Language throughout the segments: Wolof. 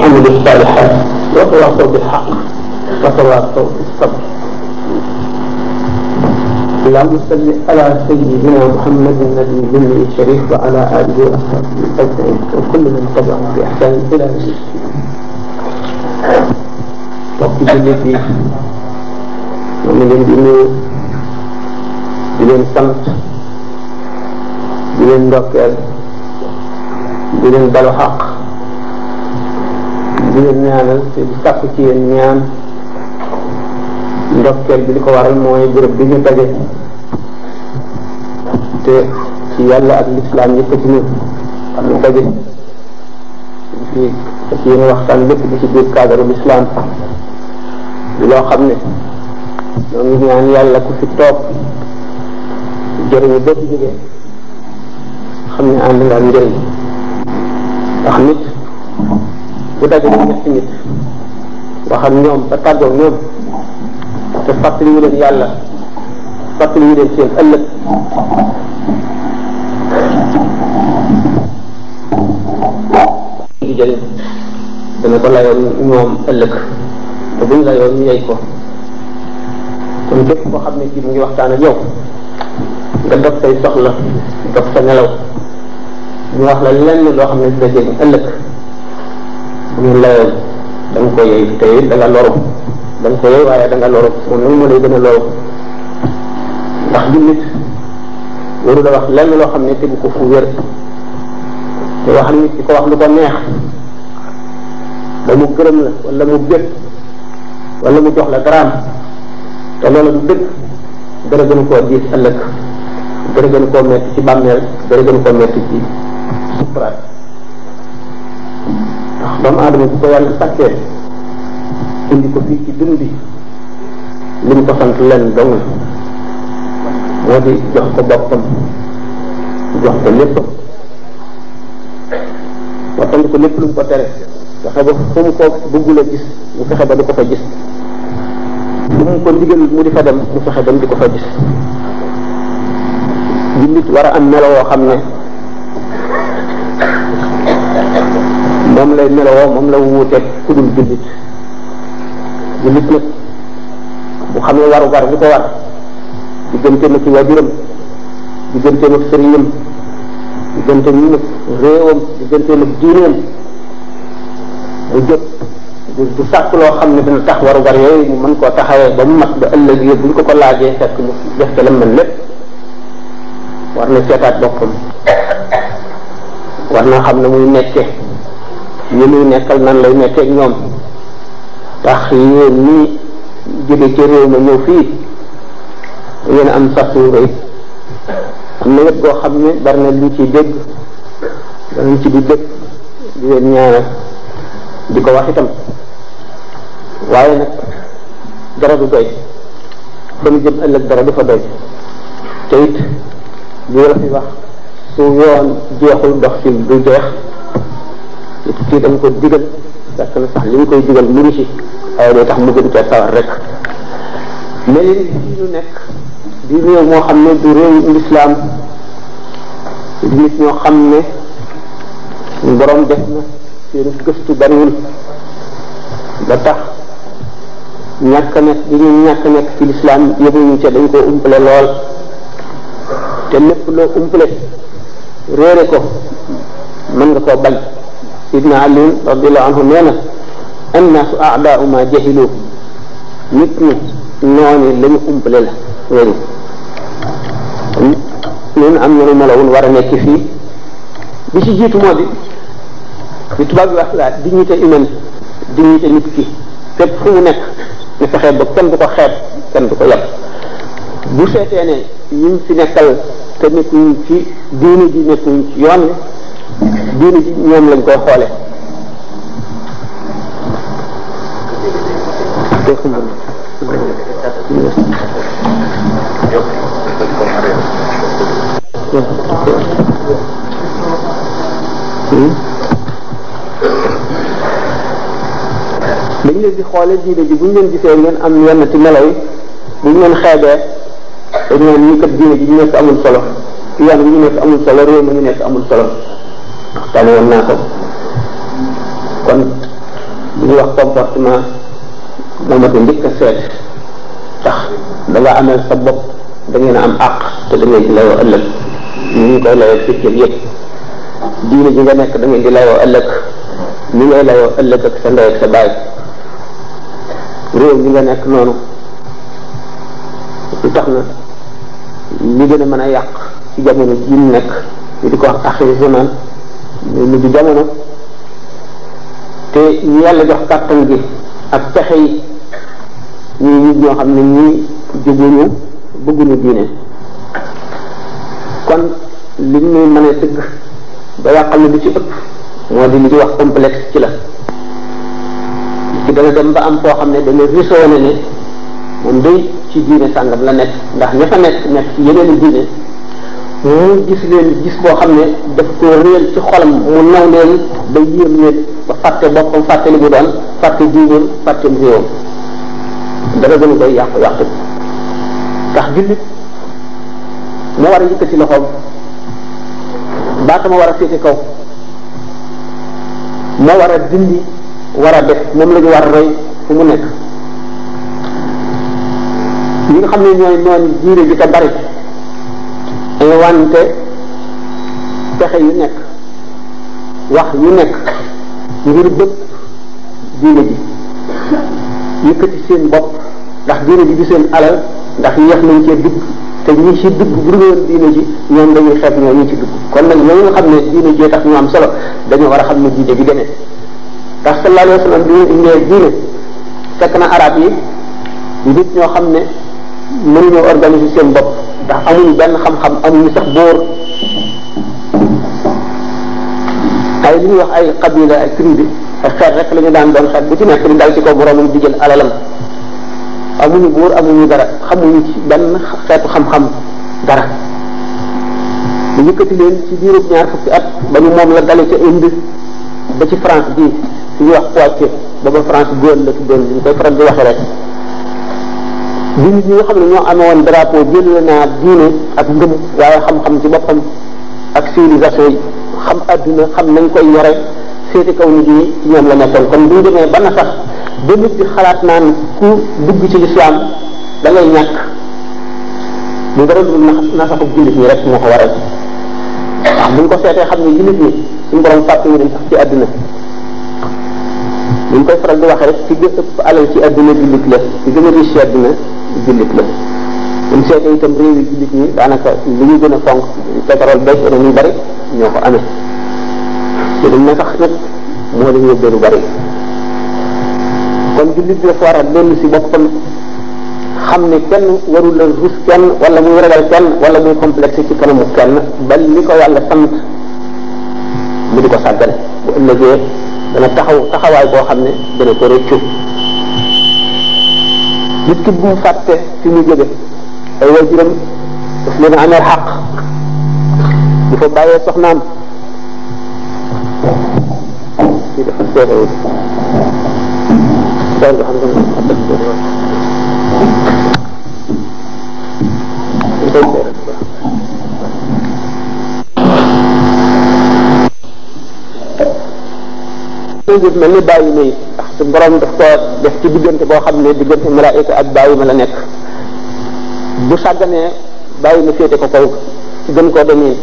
اعملوا الصالحات وتواصوا بالحق وتواصوا بالصبر اللهم صل على سيدنا محمد النبي الامي الشريف وعلى اله واصحابه اجمعين وكل من تبعهم باحسان الى يوم الدين. mbokk jullit yi ñoo ngi leen di nuyu di leen sant di leen ndokkeel di leen balu xaq di leen ñaanal te di sàkku ci yéen ñaan ndokkeel bi li ko waral mooy bërëb bi ñu daje te ci yàlla ak lislaam yëpp ci ñu am daje ci yéen waxtaan lépp bi ci biir cadre lislaam di loo xam ne ñoo ngi ñaan yàlla ku fi toog jëriñu bépp jógee xam ne ànd nga njëriñ ndax nit bu dajale ñetti nit wax ak ñoom ba tàggoog ñoom te fàttali ñu leen yàlla fàttali ñu leen seen ëllëg gi jëriñ dana ko layoon ñoom ëllëg te buñ layoon ñu yey ko kon képp koo xam ne kii mu ngi waxtaan ak yow nga dog say soxla dog sa nelaw ñu wax la lenn loo xam ne dina jëriñ ëllëg ñu da nga ko yey tey da nga loru da nga ko yey waaye da nga moom nag moo lay gën a loru ndax jullit waru la wax lenn loo xam ne tegu ko fu wér te wax nit di ko wax lu ko neex ba mu gërëm la wala mu bég wala mu jox la garaam te loolu du dëgg dara gën koo diis ëllëg dara gën koo metti ci bàmmeel dara gën koo metti ci sukkuraat ndax doomu aadama bu ko yàlla sàkkee indi ko fii ci dund bi li ko sant leen dong moo di jox ko boppam jox ko léppam waxtaan ko lépp lu mu ko tere fexe ba fu mu ko bëggul a gis mu fexe ba du ko fa gis fu mu ko ndigal mu di fa dem mu fexe ba mu di ko fa gis jullit war a am melo woo xam ne moom lay melowoo moom la wuuteeg ku dul jullit jullit nag bu xamee warugar bu ko war digganteem ak waajuram bu jóg loo xam ne dina tax warugar yooyu mu mën koo taxawee ba mu mat ba ëllëg yëpp bu ñu ko ko laajee fekk mu def ca la mën lépp war na seetaat boppam war na xam ñi muy nekkal nan lay nekkee ñoom tax yéen ñi jóge ca réew ma ñëw fii yéen am sax yu am na goo xam ne bari na luñ ciy ci di dégg di leen ñaanal di ko wax itam waaye nag dara du doy ba mu fa doy te it la fi wax su yoon jeexul dox ci jeex kii dama ko digal parce que sax li ñu koy digal mu ngi ci waaye tax mu gën cee sawar rek mais li ñu nekk di réew moo xam ne du réew lislaam di nit ñoo xam ne suñu borom def tax ñàkk nekk di ñu ñàkk dañ koo umpale lool te lépp loo umpale réere ko mën nga koo bañ sidna ali radiallahu anhu nee na annaasu aadaau ma jahilu nit ñi noonu la ñu umpale la wéri am na lu melawun war a bi ci jiitu moo di li tubaab bi wax la dignité humaine dignité nit ki fépp fu mu nekk ñu fexee ba kenn du ko xeeb kenn du ko yab bu ne ñu fi nekkal te nekkuñ ci diine ji nekkuñ diine ji ñoom lañ koy xoole dañ leen di xoole diine ji buñ leen gisee am yenn ci melo yi buñ leen xeebee dañ naan ñi kat diine ji ñu nekk amul solo yoon wi ñu nekk amul solo réew mi ñu nekk amul solo waxtaane woon naa ko kon li ñuy wax comportement moo ma ko njëkk a seet tax da nga amel sa bopp am àq te da ngeen di layoo ëllëg ñu ngi koy layoo firkëb yëpp diine nga nekk da ngeen di layoo ëllëg ni ngay layoo ëllëg ak sa ndey ak nekk noonu lu tax na li gën a mën a yàq ci jamono ji nekk ñu zaman muy mujj jamono te ñu yàlla jox kàttan gi ak pexe yi ñuy ñoo xam ne ñii jóguñu bëgguñu diine kon li ñuy mën a dëgg ba yàqal na lu ci ëpp moo di li ñuy wax complexe ci la ci dana dem ba am koo xam ne dana risoo ne ne moom day ci diine sàngam la nekk ndax ña fa nekk nekk ci yeneen diine mu gis leen gis boo xam ne daf ko réel ci xolam mu naw leen ba yéem leen ba fàtte boppam fàtte li mu doon fàtte diineem fàtte réewam dara gën koy yàqu yàqu tax jullit mu war a yëkkati loxoom baatama war a féete kaw moo war a dindi war a def moom la ñu war a roy fu mu nekk ñi nga xam ne ñooy noon diine ji te bari wante pexe yu nekk wax yu nekk ngir bëgg diine ji yëkkati seen bopp ndax diine ji di seen alal ndax yéex nañ cee dugg te ñi ci dugg bu dul woon diine ji ñoom dañuy xeet ñoo ñi ci kon nag ñoo nga xam ne diine jee tax ñu am solo dañoo war a xam ne diine bi demee ndax sallallahu alayhi wa sallam bi ñu diine fekk na arab yi nit ñoo xam ne mënuñoo organiser seen bopp ndax amuñu benn xam-xam amuñu sax bóor ay li ñu wax ay xabila ay sëriñ bi ay xeet rek daan doon xeet bu ci nekk di dal ci kaw boromam di jël alalam amuñu bóor amuñu dara xamuñu ci benn xeetu xam-xam dara ñu yëkkati leen ci diirub ñaar fukki at ba ñu moom la dale ca Inde ba ci France bii suñu wax Poitiers booba France góor la tuddoon ñu koy faral di waxee rek jullit ñi nga xam ne ñoo amee woon drapeau jël naa diine ak ngëm waaye xam-xam ci boppam ak civilisation yi xam adduna xam nañ koy yore seeti kaw nit ñi ci ñoom la nekkoon kon bu ñu demee ba na ba nit di xalaat naan ku dugg ci lislaam da ngay ñàkk bu nga na nasaxu jullit ñi moo ko waral waaw bu ñu seetee xam ne jullit ñi suñu borom fàtt ñu leen sax ci adduna bu ñu koy faral di waxee rek ci gën ëpp alal ci adduna jullit la ci gën a ci adduna jullit la buñ seetee itam réew yi jullit ñi daanaka li ñu gën a fonk pétrole beeg yeneen yu bari ñoo ko amee te dañ na sax nag moo dañu yóbbee lu bari kon jullit bi dafa war a dellu si xam ne kenn warul la rus kenn wala muy ragal kenn wala muy complexe ci kanamu kenn ba li ko yàlla sant mu di ko sàggane bu ëllëgee dana taxaw taxawaay boo xam ne dana ko rëccu nit ki mu fàtte fi mu jóge ay waajuram daf leen amee xàq bu fa bàyyee soxnaam ci dafa seerewu daal nga xam nga jëf mel ni suñu borom daf ko def ci diggante boo xam ne diggante malaayika ak bàyyi ma la nekk bu sàgganee bàyyi ma féete ko kaw gën koo demee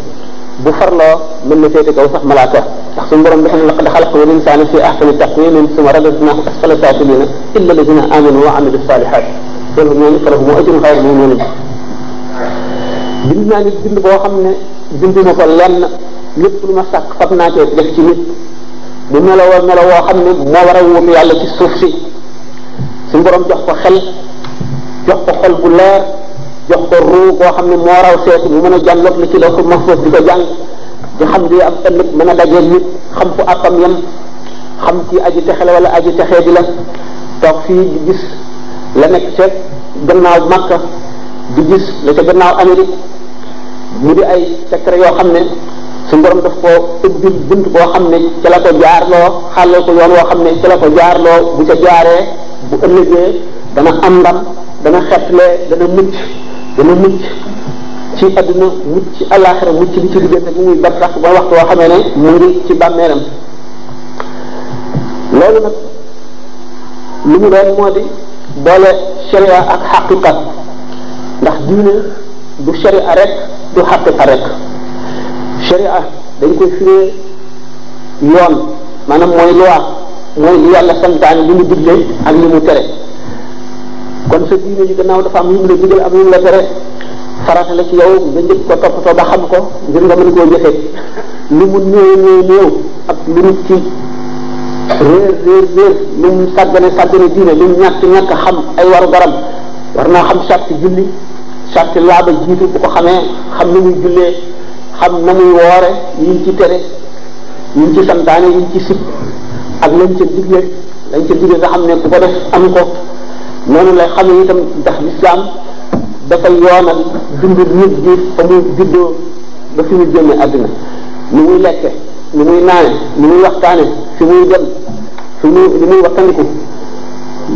bu farloo mën na féete kaw sax malaaka ndax suñu borom dafa ne laqad xalaqnal insaana fi ahsani taqwiim summa radadnaahu asfala saafiliina illa allaziina aamanu wa amilu saalihaat loolu ñooñu falahum ajrun xayru mamnuun bind naa nit bind boo xam ne bind ma ko lenn lépp lu ma sàkk fab naa cee def ci nit mu melowoo melo woo xam ne moo war a wuutu yàlla ci suuf si suñu borom jox ko xel jox ko xol bu leer jox ko ruu koo xam ne moo raw seetu mu mën a jànloog li ci la ko mahfuz di ko jàng di xam di am ëllëg mën a dajeel nit xam ko àppam yem xam ci aji texe la wala aji texee di la toog fii di gis la nekk ca gannaaw Makka di gis la ca gannaaw Amérique mu di ay secret yoo xam ne su borom daf ko ubbil bunt boo xam ne ca la ko jaarloo xàllal ko yoon woo xam ne ca la ko jaarloo bu ca jaaree bu ëllëgee dana am ndam dana xetlee dana mucc dana mucc ci àdduna mucc ci àllaaxira mucc ci diggante bu muy bat sax ba ne mu ngi ci bàmmeeram loolu nag li mu doon moo di boole sharia ak xaqiqa ndax diine du sharia rek du xaqiqa rek sharia dañ koy firee yoon maanaam mooy loi mooy yàlla santaane li mu digle ak li mu tere kon sa diine ji gannaaw dafa am yu la digal am yu la tere farata ci yow nga njëkk ko toppatoo ba xam ko ngir nga mën koo jëfee lu mu néew néew ak lu nit ci réer réer réer lu mu sàggane sàggane diine lu mu ñàkk ñàkk xam ay waru garab war naa xam sàtt julli sàtt laaba jiitu bu ko xamee xam ni muy jullee xam na muy woore yiñ ci tere yiñ ci santaane yiñ ci sib ak lañ ca digle lañ ca digle nga ne ku ko am ko noonu lay xam ne itam ndax lislaam dafa yoonal dund nit bi fa muy juddoo ba fi muy génne àdduna ni muy lekke ni muy naane ni muy waxtaane fi muy dem fi muy li muy waxtandiku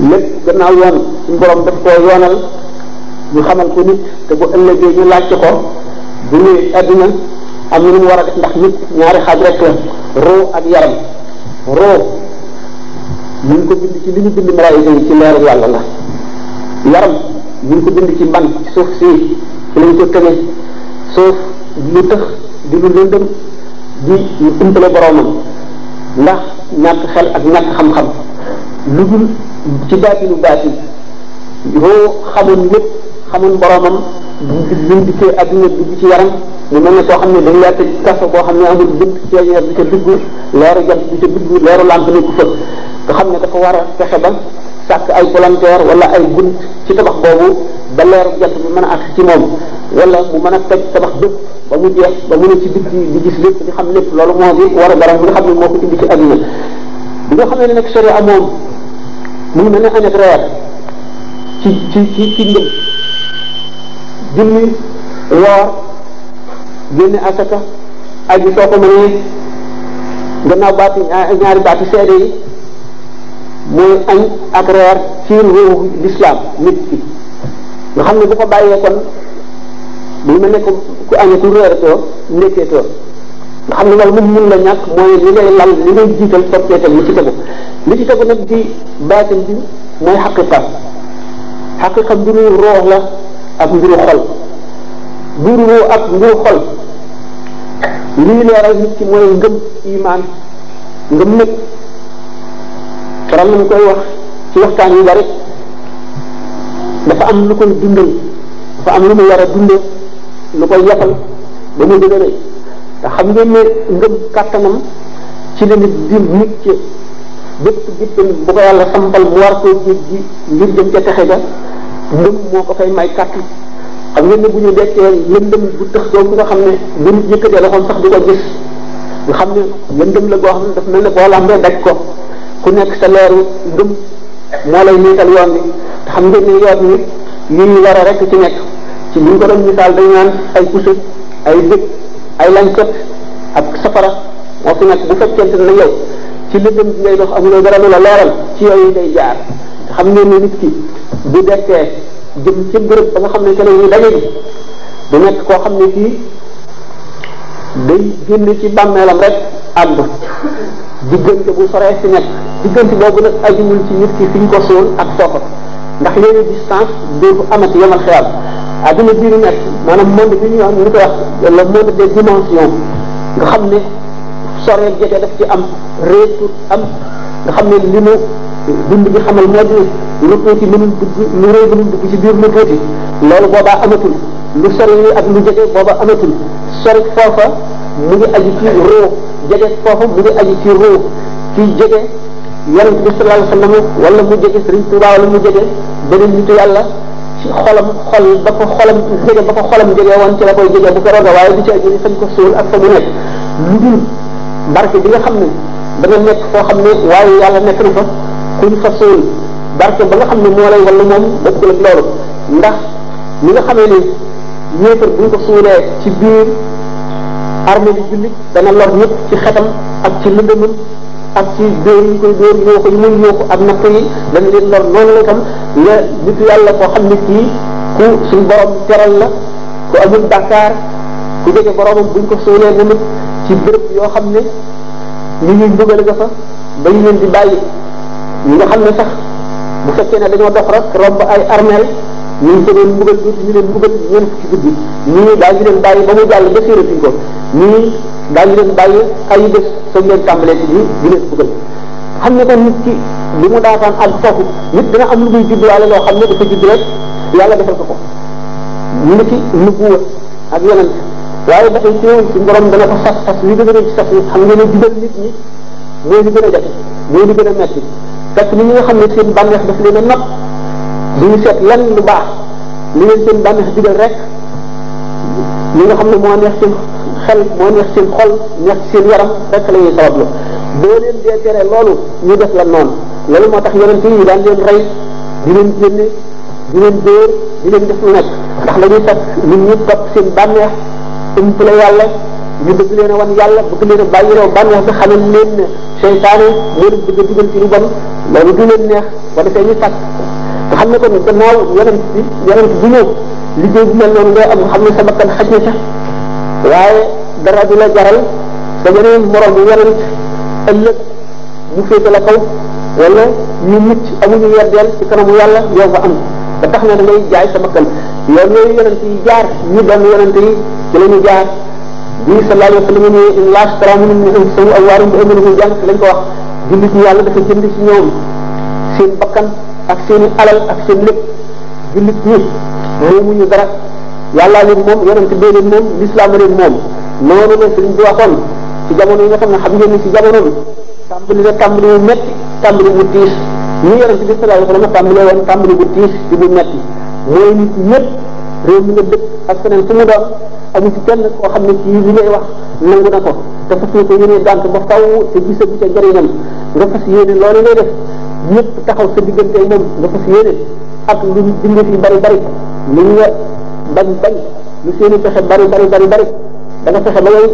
lépp gannaaw borom daf koo yoonal ñu xamal ko nit te bu ëllëgee ñu laajte ko bu ñëwee adduna am na lu mu war a def ndax nit ñaari xaaj rek la roo ak yaram roo mu ko bind ci li ñu bind malaayika yi ci leeru yàlla la yaram mu ko bind ci mban ci suuf ci lañ ko tëne suuf lu tëx di lu lëndëm di lu umpale boroomam ndax ñàkk xel ak ñàkk xam-xam lu dul ci daatinu baati roo xamoon lépp xamoon boroomam buñ buñ dikkee adduna dugg ci yaram mu mel ne xam ne dañ laa tëj boo xam ne amul bët ceeñeer bi ca dugg leeru jant bi ca dugg leeru nga xam war a fexe ba sàkk ay volontaire wala ay bunt ci tabax boobu ba leeru jant bi mën a àgg ci moom wala mu mën a tëj tabax bépp ba mu jeex ba mu ne ci digg xam lépp loolu moo di war a baram bi nga xam ne moo ko indi ci adduna bi nga xam ne nag sharia moom mu ngi mel ne anet reer ci ci ci ci ndëm julli woor génne asaka aji soo ko mënee gannaaw baati ñaari baati seede yi mooy añ ak reer ci ruuxu lislaam nit nga xam ne bu ko bàyyee kon bu ma nekk ku añatul reeratoo ndekkeetoo nga xam ne loolu mun la ñàkk mooy li ngay lal li ngay jiital soppeetal li ci tegu li ci tegu nag di baatin bi mooy xaqiqa xaqiqa mbiru roox la ak mbiru xol mbiru ruu ak mbiru xol lii leeral nit ki mooy ngëm imaan ngëm nit faral koy wax ci waxtaan yu bari dafa am lu koy dundal dafa am lu mu war a dunde lu koy yafal ba mu dëgg rëy te xam ngeen ne ngëm kàttanam ci la di nit ci bépp gittan bu ko yàlla sampal mu war koo jéggi ngir jëm ca texe ga ngëm moo ko fay may kàttan xam ngeen ne bu ñu dekkee lëndëm bu tëx doom nga xam ne bu nit yëkkatee loxoom sax du ko gis nga xam ne lëndëm la goo xam ne daf mel ne boo lambee daj ko ku nekk sa leeru ngëm moo lay niital yoon bi te xam ngeen ne yoon nit li ñu war a rek ci nekk ci li ñu naan ay kusut ay dëkk ay ak safara moo fi nekk bu fekkente ne yow ci lëndëm bi ngay dox la leeral ci yooyu xam ngeen ne nit ki bu dekkee jëm ci bërëb ba nga xam ne que la ñuy daje ji du nekk koo xam ne kii day génn ci bàmmeelam rek àdd diggante bu soree si nekk diggante boobu nag ajuwul ci nit ki fi ñu ko suul ak foo ko ndax léegi distance dootu amati yemal xeyal adduna a ñu nekk maanaam monde bi ñu wax ñu ko wax le monde des dimensions nga xam ne soree jege daf ci am réetu am nga xam ne li lu tuuti mënul dugg lu rëy mënul dugg ci biir lu loolu boobaa amatul lu sori ak lu jege booba amatul sori foofa mu ngi aju ci roo jege foofa mu ngi aju ci roo ci jege yonent bi sallallahu alayhi wasallam wala mu jege Sëriñ Tuuba wala mu jege beneen nitu yàlla ci xolam xol ba ko xolam jege ba ko xolam jege woon ci la koy jege bu ko waaye du ci aju fañ ko suul ak fa mu nekk lu dul barke bi nga xam ne dana nekk foo xam ne waaye yàlla nekk na fa kuñ fa suul darse ba nga xam ne moo lay wala moom dëkk la loolu ndax li nga xamee ni yéefar bu ñu ko suulee ci biir armée bi jullit dana lor ñëpp ci xetam ak ci lëndëmam ak ci dóor yi koy dóor ko yi muy yoo ko ak natt yi dana leen lor noonu la itam nga nit yàlla koo xam ne kii ku suñ borom teral la ku amul bàkkaar ku jege boromam buñ ko suulee na nit ci béréb yoo xam ne li ñuy dugal nga fa dañu leen di bàyyi ñi nga xam ne sax bu fekkee ne dañoo dox rek romb ay armeel ñu ngi leen mu tuuti leen mbugal ñeent fukki guddi ñii daañu leen bàyyi ba mu jàll ba séeratuñ ko ñii daañu leen bàyyi ay bés soog leen tàmbalee ci ñii di leen mbugal xam ne kon nit ki li mu daataan ak foofu nit dina am lu muy jubluwaale loo xam ne dafa jublu rek yàlla defal ko ko nit ki nubuwa ak yonent waaye ba tey teewul suñu borom dana ko sas sas li gën a ci sas yi xam ngeen ne jubal nit ñi mooy li gën a jafe mooy li gën a metti fekk ni ñi nga xam ne seen bànneex daf leen a nopp du ñu seet lenn lu baax li leen seen bànneex digal rek ñi nga xam ne moo neex seen xel moo neex seen xol neex seen yaram rek la ñuy sabablu boo leen dee tere loolu ñu def la noonu loolu moo tax yonent yi daan leen rey di leen génne di leen dóor di leen def lu nekk ndax la ñuy fekk nit ñi topp seen bànneex ump la yàlla ñu bëgg leen a wan yàlla bëgg leen a bàyyiloo bànneex bi xamal leen ne seytaane moo leen bëgg a dugal ci lu bon loolu du leen neex ba defee ñu tàkk nga xam ne kon gannaaw yonent bi yonent bu ñëw liggéey bu mel noonu ngay am nga xam ne sa bakkan xaj na ca waaye dara du la jaral sa yeneen morom bu yonent ëllëg mu féete la kaw wala ñu mucc amuñu weddeel ci kanamu yàlla yow nga am ba tax na da ngay jaay sa bakkan yoon yooyu yonent yi jaar ñu doon yonent yi ci la ñu jaar bi sallallahu alayhi wa sallam in laa shtaraa minhum anfusahum aw amwaalahum bi anna lahum jannat lañ ko wax jullit yi yàlla dafa jënd ci ñoom seen bakkan ak seen alal ak seen lépp jullit ñi moomuñu dara yàllaa leen moom yonent bee leen moom lislaam leen moom noonu la sëriñ bi waxoon ci jamono yi nga xam ne xam ngeen ni ci jamono bi tàmbali na tàmbali wu metti tàmbali bu tiis ñu yonent bi sallallahu alayhi wa sallam tàmbali woon tiis di bu metti mooy nit ñëpp réew mi nga dëkk ak feneen su mu amul ci kenn koo xam ne ci li ngay wax nangu na ko te fas ko yéene dànk ba faw te gisagu ca njëriñam nga fas yéene loolu ngay def ñëpp taxaw sa diggante moom nga fas yéene ak lu dindi fi bari bari lu ñu bañ bañ lu seeni pexe bari bari bari bari da nga fexe ba ngay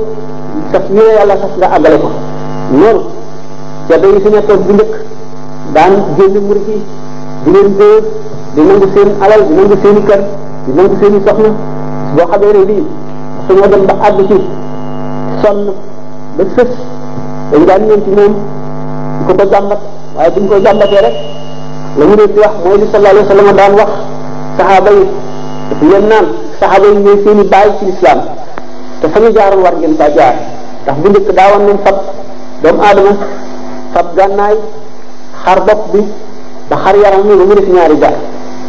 sas yi yàlla sas nga àggale ko noonu ceddo yi fi nekkoon bu njëkk daan génn murit yi di leen dóor di nangu seen alal di nangu seen i kër boo xamee ne lii dañoo dem ba àgg ci sonn ba sës dañu daan ñëw ci moom di ko ko jàmbat waaye bu ñu ko jàmbatee rek la ñu leen di wax mooy li sallallahu daan wax saxaaba yi dafa naan saxaaba yi ñooy seen i baay ci lislaam te fa ñu jaaroon war ngeen faa jaar ndax bu njëkk daawoon nañ fab doomu aadama fab gànnaay xar bopp bi ba xar yaram mi ba mu def ñaari jaar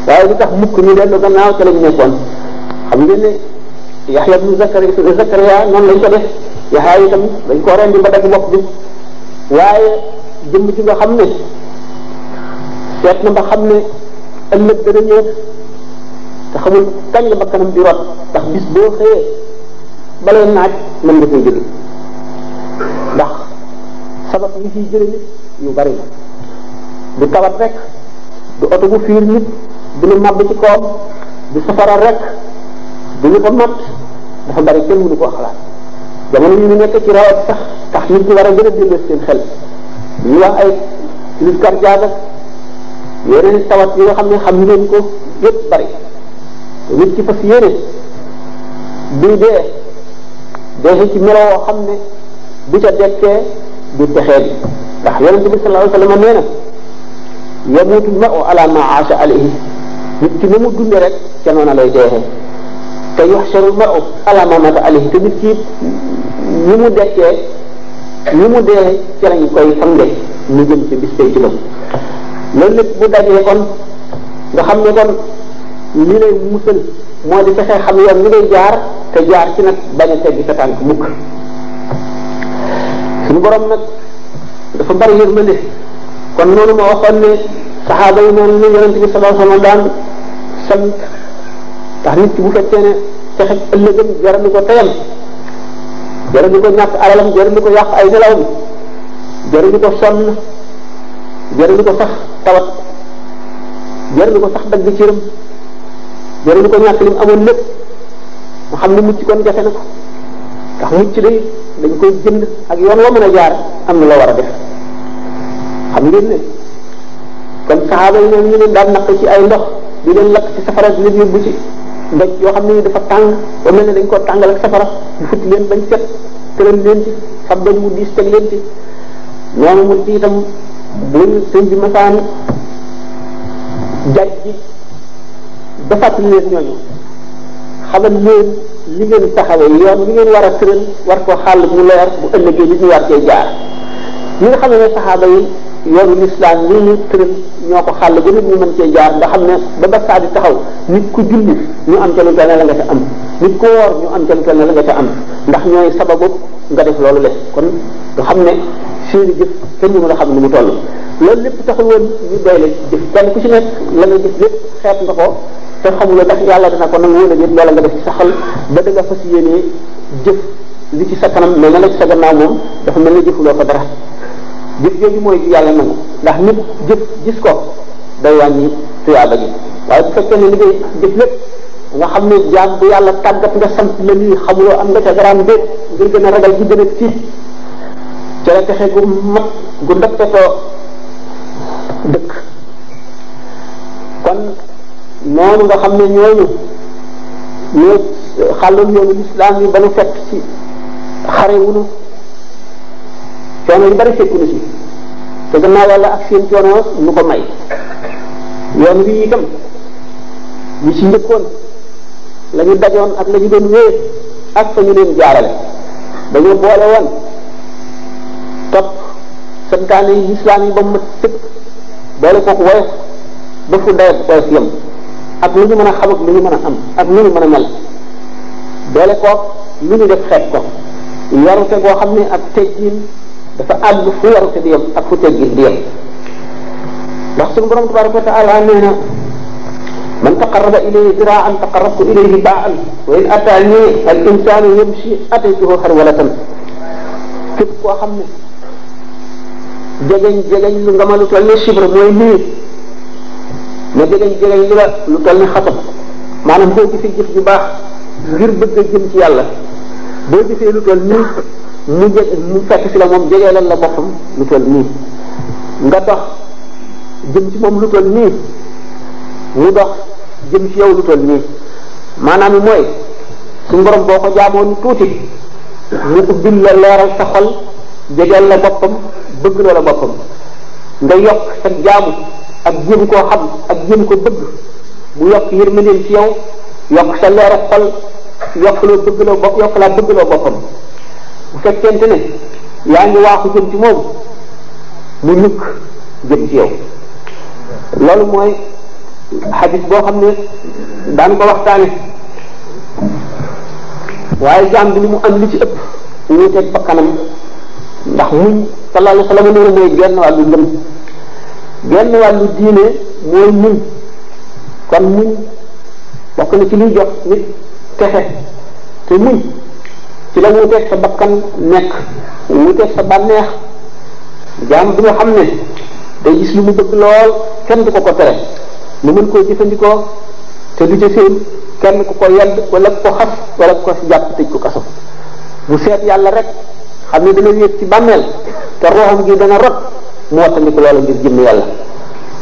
waaye li tax mukk ñu dellu gannaaw ca la ñu nekkoon xam ngeen Yaxya ibnu Zakariya noonu lañ ko def Yaxya itam dañ ko rendi ba dagg bopp bi waaye jëmm ji nga xam ne seet na ba xam ne ëllëg dana ñëw te xamul kañ la ba kanam di rot ndax bis boo xëyee balee naaj mën nga koy jël ndax sabab yi fiy jële nit yu bari la du tawat rek du oto bu fiir nit du lu màbb ci koom du safara rek bu ñu ko mat dafa bari kenn mënu koo xalaat jamono yi ñu nekk ci rawat sax tax nit ki war a gën a delloo seen xel ñu wax ay crise cardiaque ak yeneen tawat yi nga xam ne xam nu ko yëpp bari te nit ki fas yéene buy dee dee ci melo woo xam ne bu ca dekkee du texee bi ndax yonent bi sallallahu alayhi wa sallam nee na yamutul ma'u ala ma aasha alayhi nit ki na mu dunde rek ca noona lay deexee te yuxsharu maru ala ma mata alayhi te nit ki ni mu dekkee ni mu dee ci lañ koy fange ñu jëm ci bis tey ci bu dajee kon nga xam ne kon li lay musal moo di fexe xam yoon li lay jaar te jaar ci nag bañ a teggi sa tànk mukk suñu borom nag dafa bari yërmande kon noonu ma waxoon ne saxaaba yi noonu la yonent bi sallallahu alayhi wa sallam ndax nit ki bu fekkee ne texe ëllëgëm jaralu ko teyam jaralu ko ñàkk alalam jaralu ko yàq ay nelawam jaralu ko sonn jaralu ko sax tawat jaralu ko sax dagg cëram jaralu ko ñàkk lim amoon lépp mu xam ne mucc kon jafe na ko ndax mucc day dañ ko jënd ak yoon wa mën a jaar am na la war a def xam ngeen ne kon saxaaba yi ñoom ñu leen daan naq ci ay ndox di leen lakk ci safara di leen yóbbu ci ndoj yoo xam ne dafa tàng ba mel ne dañ koo tàngal ak safara ñu futti leen bañ set tëral leen ci fab doj mu diis teg leen ci noonu mun ci itam buñ sëñ bi masaan jaaj ji ba fàttali leen ñooñu xamal leen li ngeen taxawee yoon li ngeen war a tëral war koo xàll mu leer bu ëllëgee li ñu war cee jaar ñi nga xam ne saxaaba yi yoonu lislaam lii ñu tërëf ñoo ko xàll ba nit ñu mën cee jaar nga xam ne ba ba saa taxaw nit ku julli ñu am ca lu la nga ca am nit ku woor ñu la nga ca am ndax ñooy sababu nga def loolu le kon nga xam ne seeni jëf kenn ñu mën a xam ni mu toll loolu lépp taxul woon ñu doy la jëf ku ci nekk la nga gis lépp xeet nga ko te xamuloo ndax yàlla dina ko nangu wala déet loola nga def ci xal ba da nga fas yéenee jëf li ci sa kanam mais la ci sa gannaaw moom dafa mel ne jëfuloo ko dara jëf jooju mooy yàlla nangu ndax nit jëf gis ko day wàññi tuyaaba ji waaye bu lépp nga xam ne jaam bu yàlla tàggat nga sant la lii xamuloo am nga ca garaam déet ngir gën a ragal ji gën a tiit ca la texe gu mat gu ndatte koo dëkk kon noonu nga xam ne ñooñu ñoo xàlloon yoonu lislaam yi ba nu fekk ci xare coono yu bari fekku na ci te gannaaw yàlla ak seen coono lu ko may yoon wi itam ñi ci njëkkoon la dajoon ak la ñu doon wéer ak fa ñu leen jaarale dañoo boole woon topp santaane yi islam yi ba mu tëkk boole kooku woyof ba fu dayoo woyof yem ak lu ñu mën a xam ak lu ñu mën a am ak lu ñu mën a mel boole kook lu ñu def xeet ko yorute goo xam ne ak teggin dafa àgg fu yarute di yem ak fu teggin di yem ndax suñu borom tabaraka wa taala nee na man taqarraba ilayhi ziraan taqarrabtu ilayhi baan wa in ataani al insaanu yamshi ataytuhu harwalatan képp koo xam ne jegeñ jegeñ lu nga ma lu toll ni chibre mooy nii ma jegeñ jegeñ li la lu toll ni xatam maanaam boo gisee jëf ju baax ngir bëgg a jëm ci yàlla boo gisee lu toll nii mu jé mu fekk si la moom jegeelal la boppam lu toll nii nga dox jëm ci moom lu toll nii mu dox jëm ci yow lu toll nii maanaam mooy suñu borom boo ko jaamoo tuuti mu bil la leeral sa xol jegeel la boppam bëgg la la boppam nga yokk sa jaamu ak jéem koo xam ak jéem ko bëgg bu yokk yërmandeem ci yow yokk sa leeral xol yokk la bëgg la la boppam bu fekkente ne yaa ngi waaxu jëm ci moom mu ñukk jëm ci yow loolu mooy xadis boo xam ne daan ko waxtaane waaye jaam bi li mu am li ci ëpp wuuteeg bakkanam ndax muñ sallallahu alayhi wa sallam nee mooy genn wàllu ngëm genn wàllu diine mooy muñ kon muñ bokk na ci luy jox nit texe te muñ ci la wuuteeg sa bakkan nekk wuuteeg sa bànneex jaam bi nga xam ne day gis lu mu bëgg lool kenn du ko ko tere mu mën koo jëfandikoo te du ca seen kenn ku ko yedd wala ku ko xas wala ko ko jàpp tëj ko kaso bu seet yàlla rek xam ne dana yëg ci bàmmeel te roxam gi dana rot mu wattandiku loolu ngir jëmm yàlla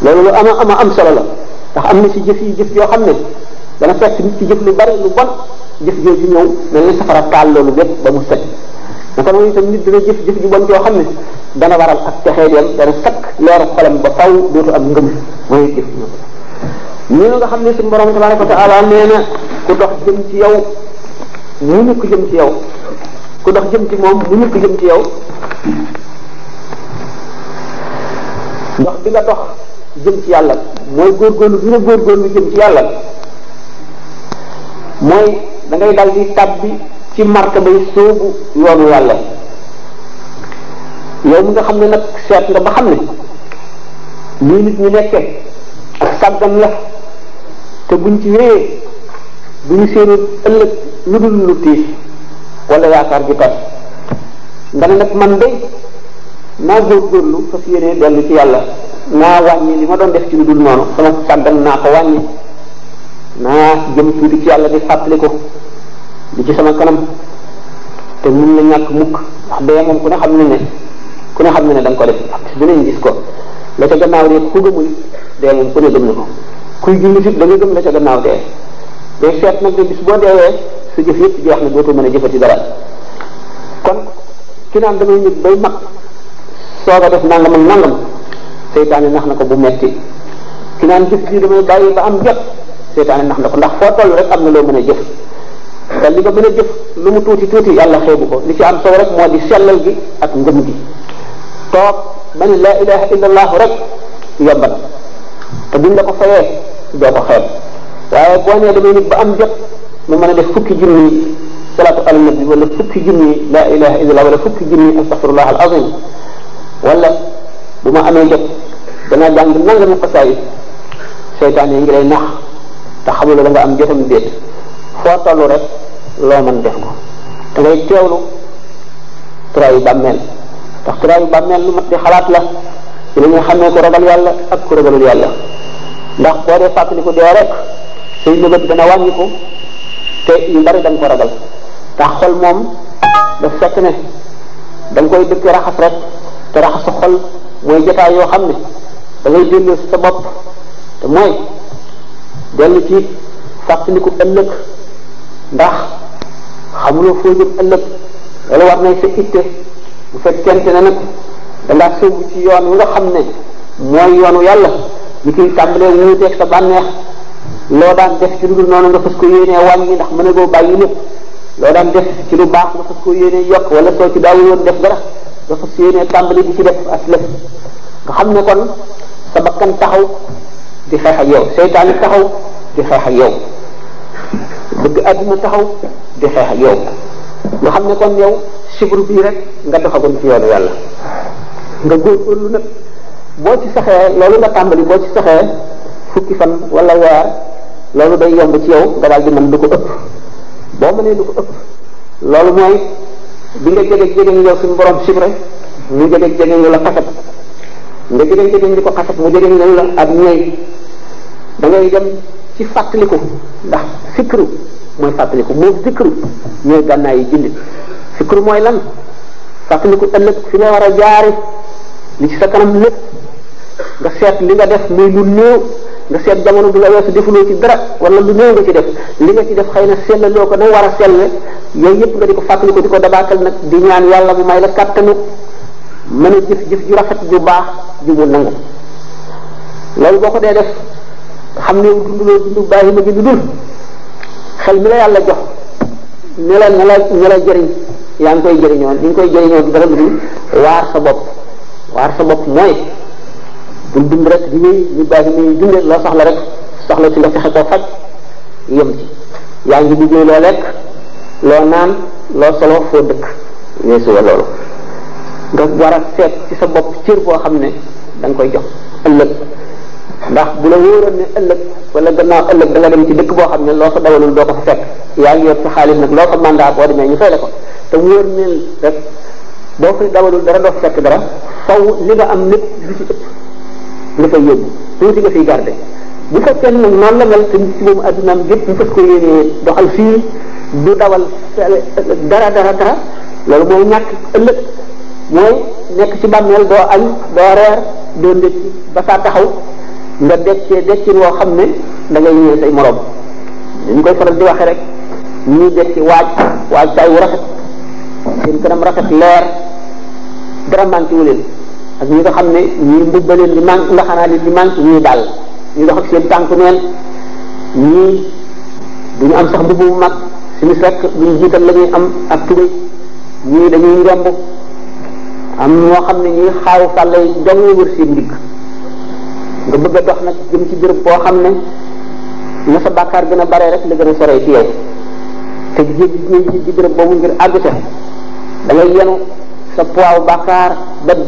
loolu lu ama ama am solo la ndax am na ci jëf yi jëf yoo xam ne dana fekk nit ci jëf lu bari lu bon jëf jooju ñëw mel ni safara taal loolu lépp ba mu set naka noonu itam nit dina jëf jëf ju bon joo xam ne dana waral ak texee dem dana sakk leeru xolam ba faw dootu am ngëm mooy jëf ñu nga xam ne suñu borom tabaraka wa taala nee na ku dox jëm ci yow mu ñukk jëm ci yow ku dox jëm ci moom mu ñukk jëm ci yaw dox bi nga dox jëm ci yàlla mooy góorgóorlu bi nga jëm ci yàlla mooy da ngay dal di tàbbi ci martabay sóobu yoonu yàlla yow mi nga xam ne nag seet nga ba xam ne lii nit ñi nekkee ak sàggan la te buñ ci wéyee ñu seeni ëllëg lu dul lu tiis wala yaakaar gi tas nga ne nag man de naa góorgóorlu fas yéene dellu ci yàlla naa wàññi li ma doon def ci lu dul noonu sama sàggan naa ko wàññi naa jëm tuuti ci yàlla di fàttaliku di ci sama kanam te mun na ñàkk mukk ndax dee moom ku ne xam ne ne ku ne xam ne ne da nga ko def ak dinañ gis ko la ca gannaaw dee ku gëmul dee moom ku ne gëm na ko kuy julli fit da gëm la ca gannaaw dee day seet nag de bis boo deewee su jëf yëpp jeex na dootoo mën a jëfati dara kon ki naan damay nit bay mag soog a def nangam ak seytaane nax na ko bu metti ki naan jëf ji damay bàyyi ba am jot seetaane ndax na ko ndax foo toll rek am na loo mën a jëf te li nga mën a jëf lu mu tuuti tuuti yàlla xeebu ko li ci am solo rek moo di sellal gi ak ngëm gi toog ba ni laa ilaha illallah rek yomb na te buñ la ko fayee doo ko xeeb waaye boo nee damay nit ba am jot mu mën a def fukki junni salaatu ala nabi wala fukki junni laa ilaha illallah wala fukki junni astaghfirullah al azim wala bu ma amee jot danaa jàng nangami xasaayid seytaan yi ngi lay nax te xamula da nga am jotam déet foo tollu rek loo mën def ko da ngay teewlu turaayu bàmmeel ndax turaayu bàmmeel lu mat di xalaat la ci la ñuy xam ko ragal yàlla ak ku ragalul yàlla ndax boo dee fàttaliku dee ko ragal ndax xol moom da fekk ne da nga koy dëkk raxas rek te raxasu xol mooy jotaay yoo xam ne da ngay génne sa bopp te mooy dellu ci fàttaliku ëllëg ndax xamuloo foo jëm ëllëg loolu war nay sa itte bu fekkente ne nag dangaa sóobu ci yoon wi nga xam ne mooy yoonu yàlla ñu ciy tàmbalee wuuteeg sa bànneex loo daan def ci lu dul noonu nga fas ko yéenee wàññi ndax mën ne goo bàyyi lépp loo daan def ci lu baax nga fas ko yéenee yokk wala soo ci daawu woon def dara nga fas yéenee tàmbali di ci def as lëf nga xam ne kon sa bakkan taxaw di xeex ak yow seytaane taxaw di xeex ak yow bëgg àdduna taxaw di xeex ak yow xam ne kon yow sibru bii rek nga doxagoon ci yoonu yàlla nga góorgóorlu nag boo ci saxee loolu nga tàmbali boo ci saxee fukki fan wala weer loolu day yomb ci yow nga daal di mën lu ko ëpp boo mënee lu ko ëpp loolu mooy bi nga jege jege ñu yow la xasat nga jege ñu ko xasat mu jege ñu la ak ñooy da dem ci fàttaliku ndax sikru mooy fàttaliku moom sikru ñooy gànnaay yi jullit sikru mooy lan fàttaliku ëllëg fi nga war a jaare li ci sa kanam lépp nga seet li nga def muy lu néew nga seet jamono bu la weesu defuloo ci dara wala lu néew nga ci def li nga ci def xëy na sellaloo ko na war a selle yooyu yëpp nga di ko fàttaliku di ko dabaatal nag di ñaan yàlla bu may la kàttanu mën a jëf jëf ju rafet ju baax ju mu nangu loolu boo ko dee def xam ne dund loo dund bàyyi ma gi lu dul xel mi la yàlla jox ne la yaa ngi koy jëriñoo ni koy jëriñoo du dara dul waar sa bopp waar sa bopp mooy bul dund rek di wéy ñu bàyyi ma ñuy dundee loo soxla rek soxla ci nga fexe koo faj yem ci yaa ngi liggéey loo lekk loo naan loo solo foo dëkk weesu wa loolu war a seet ci sa bopp cër boo xam ne da koy jox ëllëg ndax bu la wóoroon ne ëllëg wala gannaaw ëllëg da nga dem ci dëkk boo xam ne loo fa dawalul doo ko fa fekk yaa ngi yor ci xaalis nag loo fa mandat boo demee ñu fay la ko te wóor neel rek boo fi dawalul dara doo fekk dara faw li nga am lépp lu ci ëpp nga fay yóbbu tuuti nga fiy garde bu fekkee nag noonu la mel te ci moom addunaam gépp ñu fas ko yéenee doxal fii du dawal dara dara dara loolu mooy ñàkk ëllëg mooy nekk ci bàmmeel doo añ doo reer doo ndékki ba saa taxaw nga deccee deccin woo xam ne da ngay ñëw say morom dañ koy faral di waxe rek ñuy decci waaj waaj taay wu rafet seen kanam rafet leer dara manqué wu leen ak ñi nga xam ne ñii mbubba leen di manqué nga xanaa leen di manqué daal ñu dox ak seen tànk neen ñii duñu am sax mbubb bu mag suñu fekk duñu jiital la ñuy am ak tubéy ñii dañuy ngemb am ñoo xam ne ñuy xaaru fàlla yi dong wër seen ndigg nga bëgg a dox nag jëm ci bërëb boo xam ne na sa bàkkaar gën a bare rek la gën a sore ci yow te jéggi ngay jéggi sa poids bàkkaar dem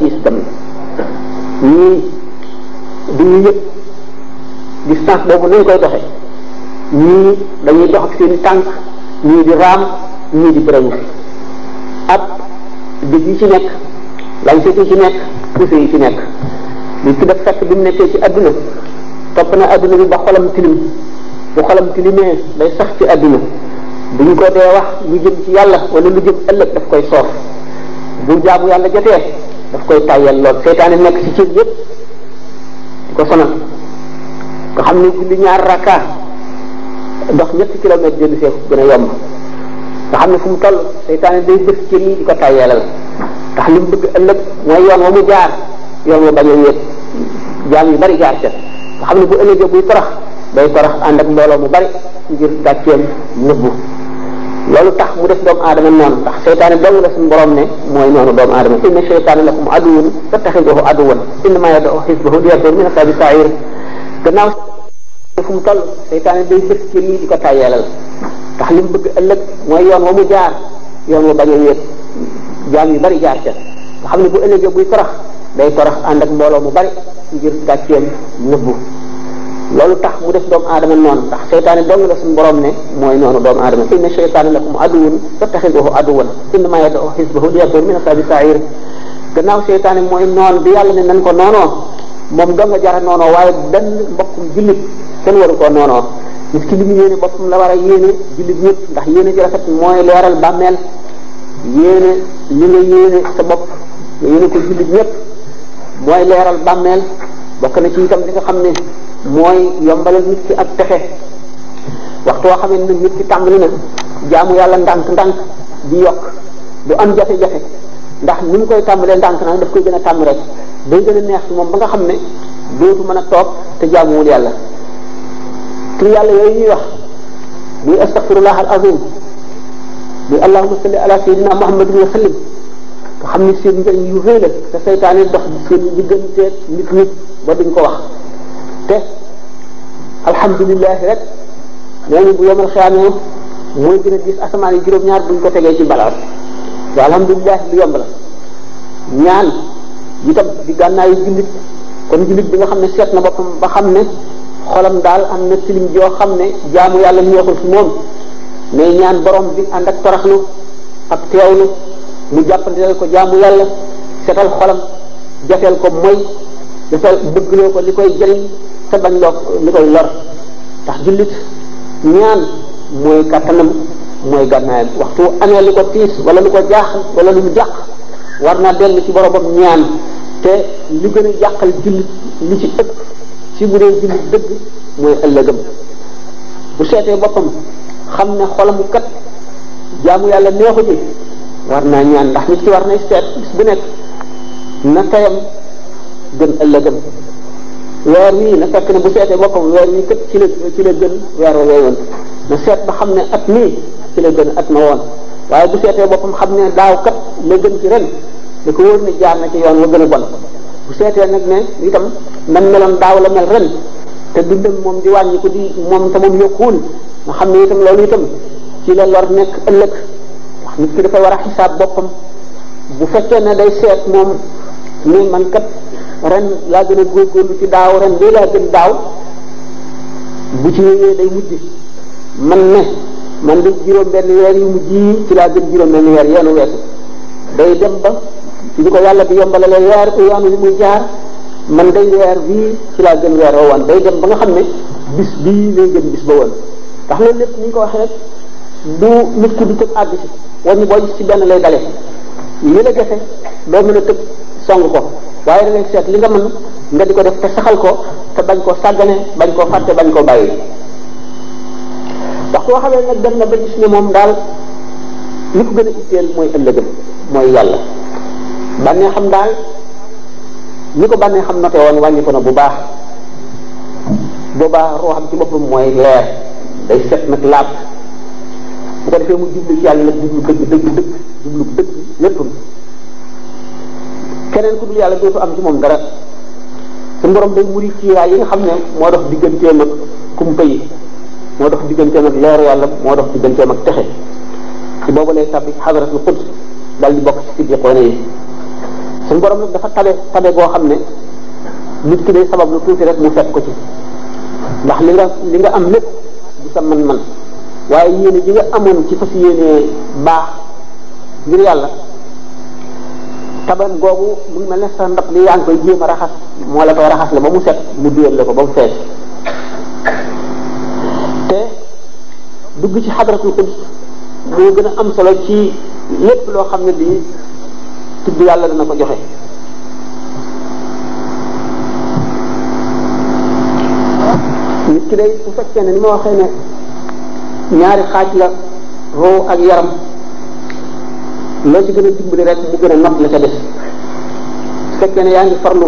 ñii du ñu yëpp distance boobu nañ koy doxe ñii dañuy dox ak seen tànk ñii di raam ñii di bërëbu ab dëj yi ci nekk lañ seet ci nekk poussé yi ci nekk lu ki def fekk bi mu nekkee ci adduna topp na adduna bi ba xolam tilim bu xolam tilimee day sax ci adduna buñ ko dee wax lu jëm ci yàlla wala lu jëm ëllëg daf koy soof bu jaamu yàlla jotee daf koy tàyyal lool seytaane nekk ci cër yëpp di ko sonal nga xam ne julli ñaar rakka dox ñetti kilomètre jënd a yomb nga xam fu mu toll seytaane day def cër yi di ko tàyyalal ndax li mu bëgg ëllëg mooy yoon wa mu jaar yoon wu bañ a yéeg jaam yu bari jaar ca nga xam ne bu ëllëgee buy torox day torox ànd ak mbooloo mu bari ngir gàcceem nëbbu loolu tax mu def doomu aadama noonu ndax seytaane dong la suñu borom ne mooy noonu doomu aadama inna seytaane lakum aduwwun fattaxiduhu aduwwan innamaa yad'u hizbahu liyakunu min ashaabi sa'iir gannaaw fu mu toll seytaane day def ci lii di ko tàyyeelal ndax li mu bëgg ëllëg mooy yoon wa mu jaar yoon wa bañ a wéet bari jaar day torox ànd ak mbooloo mu bari ngir gàcceem nëbbu loolu tax mu def doomu aadama noonu ndax seytaane dong la suñu borom ne mooy noonu doomu aadama inna seytaane lakum aduwwun fattaxiduhu aduwwan innamaa yad'u hizbahu liyakunu min ashaabi sa'iir gannaaw seytaane mooy noonu bi yàlla ne nañ ko noonoo moom dong nga jara noonoo waaye benn mbokkum jullit kenn waru koo noonoo nit ki li mu yéene boppam la war a yéene jullit ñëpp ndax yéene ji rafet mooy leeral bàmmeel yéene li nga yéene sa bopp nga mooy leeral bàmmeel bokk na ci itam li nga xam ne mooy yombalal nit ki ak texe waxtu woo xamee ne nit ki tàmbali na jaamu yàlla ndànk-ndànk di yokk du am jafe-jafe ndax ni mu koy tàmbalee ndànk nag daf koy gën a tàmm rek day gën a neex ci moom ba nga xam ne dootu mën a toog te jaamuwul yàlla tur yàlla yooyu ñuy wax muy astaghfirullah al azim muy allahumma salli ala sayyidina muhammadin wa sallim te xam ne seen njëriñ yu rëy la te seytaane dox seen digganteeg nit nit ba duñ ko wax te alhamdulilahi rek nee bu yomal xiyaamee mooy gën a gis asamaan ñaar buñ ko tegee ci balance te alhamdulilah lu yomb la ñaan tam di gànnaayu jullit kon jullit bi nga xam ne seet na boppam ba xam ne xolam daal am na tilim joo xam ne jaamu yàlla neexul ci moom mais ñaan boroom bi ànd ak toraxlu ak teewlu mu jàppandilal ko jaamu yàlla setal xolam jafeel ko mooy dafa bëgg loo ko li koy jëriñ te bañ loo li koy lor tax jullit ñaan mooy kàttanam mooy gànnaayam waxtu amee lu ko tiis wala lu ko jaaxal wala lu mu jàq war naa dellu ci boromam ñaan te lu gën a jàqal jullit li ci ëpp ci bu dee jullit dëgg mooy ëllëgam bu seetee boppam xam ne xolamu kat jaamu yàlla neexu ji war naa ñaan ndax nit ki war nay seet bis bu nekk na tayam gën ëllëgëm weer wii na fekk ne bu seetee boppam weer wii kët ci la ci la gën weer wa weyoon na seet ba xam ne at mii ci la gën at ma woon waaye bu seetee boppam xam ne daaw kat la gën ci ren da ko wóor ne jaar na ci yoon wa gën a bon bu seetee nag ne itam na meloon daaw la mel ren te du dundam moom di wàññi ko di moom te moom yokkuwul nga xam ne itam loolu itam ci la lor nekk ëllëg nit ki dafa war a xisaab boppam bu fekkee ne day seet moom ni man kat ren laa gën a lu ci daaw ren lii laa gën daaw bu ci wéyee day mujj man ne man de juróom-benn weer yu mujj yi ci laa gën juróom-benn weer yeenu weesu day dem ba li ko yàlla bi di yombalalee weer yoon wi muy jaar man day weer bii ci laa gën weer woon day dem ba nga xam ne bis bii lay gën bis ba woon ndax loolu lépp ni ñu ko waxee rek du nit ku tëb àgg si waññi boo gis ci benn lay dale li la jafe doo mën a tëb song ko waaye da seet li nga mën nga di ko def te saxal ko te bañ koo sàggane bañ koo fàtte bañ koo bàyyi ndax koo xamee nag dem na gis ne moom daal li ko gën a itteel mooy ëllëgëm mooy yàlla bànnee xam daal ni ko bànnee xam noté woon wàññi na bu baax boobaa roo xam ci boppam mooy leer day set nag laab bu ko defee mu jublu ci yàlla nag jublu dëgg dëgg dëgg jublu dëgg lépp keneen ku dul yàlla dootu am ci moom dara su borom day muri kiiraay yi nga xam ne moo dox digganteem ak kumpa yi moo dox digganteem ak leeru yàlla moo dox digganteem ak texe ci boobu lay tabbi xadaratul quds dal di bokk ci siddiqoone yi suñu borom dafa tabe tabe goo xam ne nit ki day sabab lu tuuti rek mu fekk ko ci ndax li nga li nga am lépp du sa man-man waaye yéene ji nga amoon ci fas yéene baax ngir yàlla taban googu mu mel ne sa ndab li yaa ngi koy jéem a raxas moo la koy raxas la ba mu set mu duyal la ko ba mu fees te dugg ci xadratul quds moo gën a am solo ci lépp loo xam ne lii tudd yàlla dana ko joxe nit ki day bu fekkee ne ni ma waxee ne ñaari xaaj la roo ak yaram loo ci gën a dimbali rek mu gën a not la ca def su fekkee ne yaa ngi farlu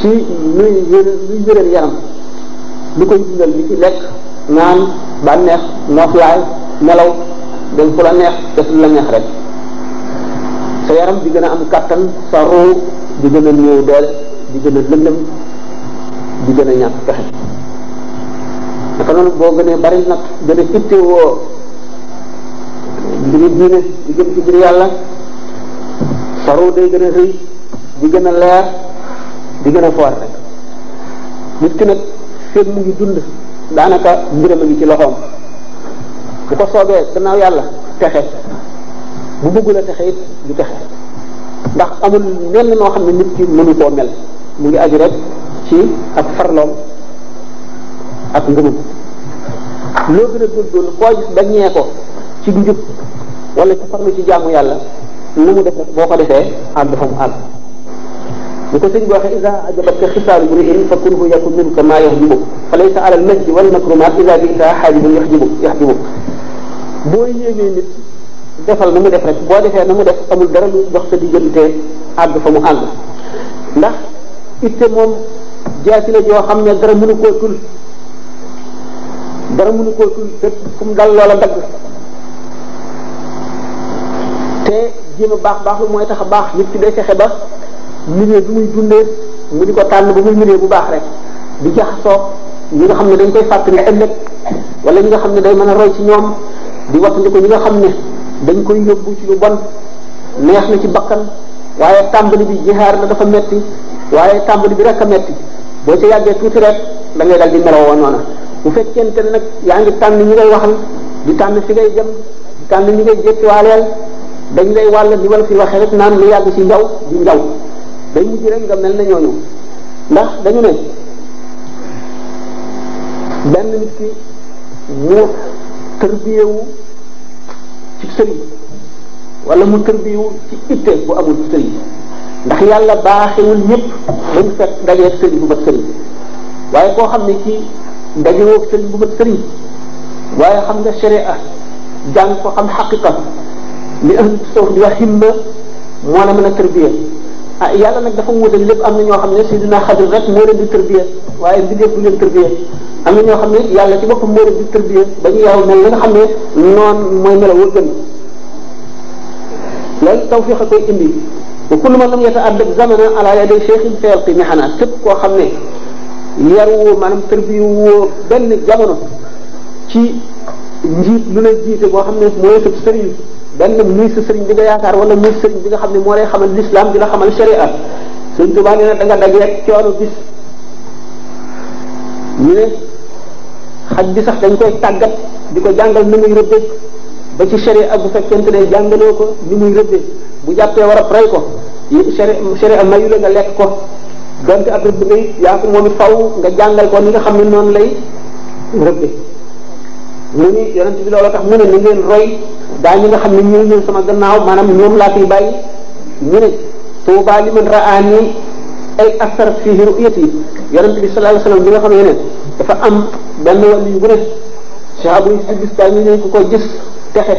ci luy luy yëral yaram lu koy dundal li ci lekk naan bànneex nooflaay nelaw dem fu la neex def lu la neex rek sa yaram di gën a am kàttan sa roo di gën a néew doole di gën a lëndëm di gën a ñàkk pexe ba noonu boo gënee bari nag gën a ittewoo mbiri diine di jëm ci biir yàlla saru day gën a rëy di gën a leer di gën a foor rek nit ki nag feeg mu ngi dund daanaka mbiram a ngi ci loxoom bu ko soobee gannaaw yàlla texe bu bëggul a texe it du texe ndax amul lenn noo xam ne nit ki mënu koo mel mu ngi aju rek ci ak farloom ak ngëmam loo gën a góorgóorlu koo gis ba ñee ko ci njub wala ci farlu ci jaamu yàlla na mu def rek boo ko defee àgg fa mu àgg bu ko sëñ bi waxee isa ajabatka xisaalu mriin fa kunhu yakun minka maa yaxjibuk fa laysa ala al majdi wal makrumat isa bi isa xaajibun yaxjibuk yaxjibuk boo yéemee nit defal mu def rek boo defee na mu def amul dara lu dox sa diggante àgg fa mu àgg ndax itte moom jaasi la joo xam ne dara mënu koo tul dara mënu koo tudd fépp fu mu dal loola dagg te jéem baax baax lu mooy tax a baax nit ki day fexe ba milieu bi muy dundee mu di ko tànn ba muy milieu bu baax rek di jaxasoo ñi nga xam ne dañ koy fàttali ëllëg walla ñi nga xam ne day mën a roy ci ñoom di wax wattandiku ñi nga xam ne dañ koy yóbbu ci lu bon neex na ci bakkan waaye tàmbali bi jihaar la dafa metti waaye tàmbali bi rek a metti boo ci yàggee tuuti rek da ngay dal di melawoo noona bu fekkente ne nag yaa ngi tànn ñi ngay waxal di tànn ci ngay jëm di tànn ñi ngay jëkkiwaaleel dañ lay wàll di wal fi waxee rek naan lu yàgg ci njaw di njaw dañ mujj rek nga mel na ñooñu ndax dañu ne benn nit ki mu tërbiyewu ci sëriñ wala mu tërbiyewu ci itte bu amul ci sëriñ ndax yàlla baaxewul ñëpp dañu fekk dajeeg sëriñ bu mat sëriñ waaye koo xam ne kii ndaje woo sëriñ bu mat sëriñ waaye xam nga sharia jàng ko xam xaqiqa li ahlu tasawuf di wax himma moo la mën a tërbiya ah yàlla nag dafa wuute lépp am na ñoo xam ne Seydina Xadir rek moo leen di tërbiya waaye bi def du leen tërbiya am na ñoo xam ne yàlla ci boppam moo di tërbiya ba ñu la nga xam ne noon mooy melawoo gën loolu tawfiq a koy indi wa kullu man lam yata'addab zamana ala yaday cheikhin sayalqi mihana képp koo xam ne yaruwoo maanaam tërbiyewoo benn jamono ci njiit lu ne jiite boo xam ne mooy sëb sëriñ benn muy sëriñ bi nga yaakaar wala muy sëriñ bi nga xam ne moo lay xamal l'islam di la xamal sharia Sëriñ Tuubaa nee na da nga daj rek coono bis ñu ne bi dañ koy tàggat di ko jàngal ni muy rëbbe ba ci sharia bu fekkente ne jàngaloo ko ni muy rëbbe bu jàppee war a rey ko sharia mayu la nga lekk ko donte ab rëbb nga it yaa ko moom it faw nga jàngal ko ni nga xam ne noonu lay rëbbe mu ni yonent bi loolu tax mu ne ni ngeen roy daa ñi nga xam ne ñooy ñëw sama gannaaw maanaam ñoom laa fiy bàyyi mu ne tuubaa li man raani ay asar fii ru'yati yonent bi sallallahu alayhi wasallam bi nga xam ne dafa am benn wàll yu bu ne sahabu yi si gis daa ñu ne ko gis texe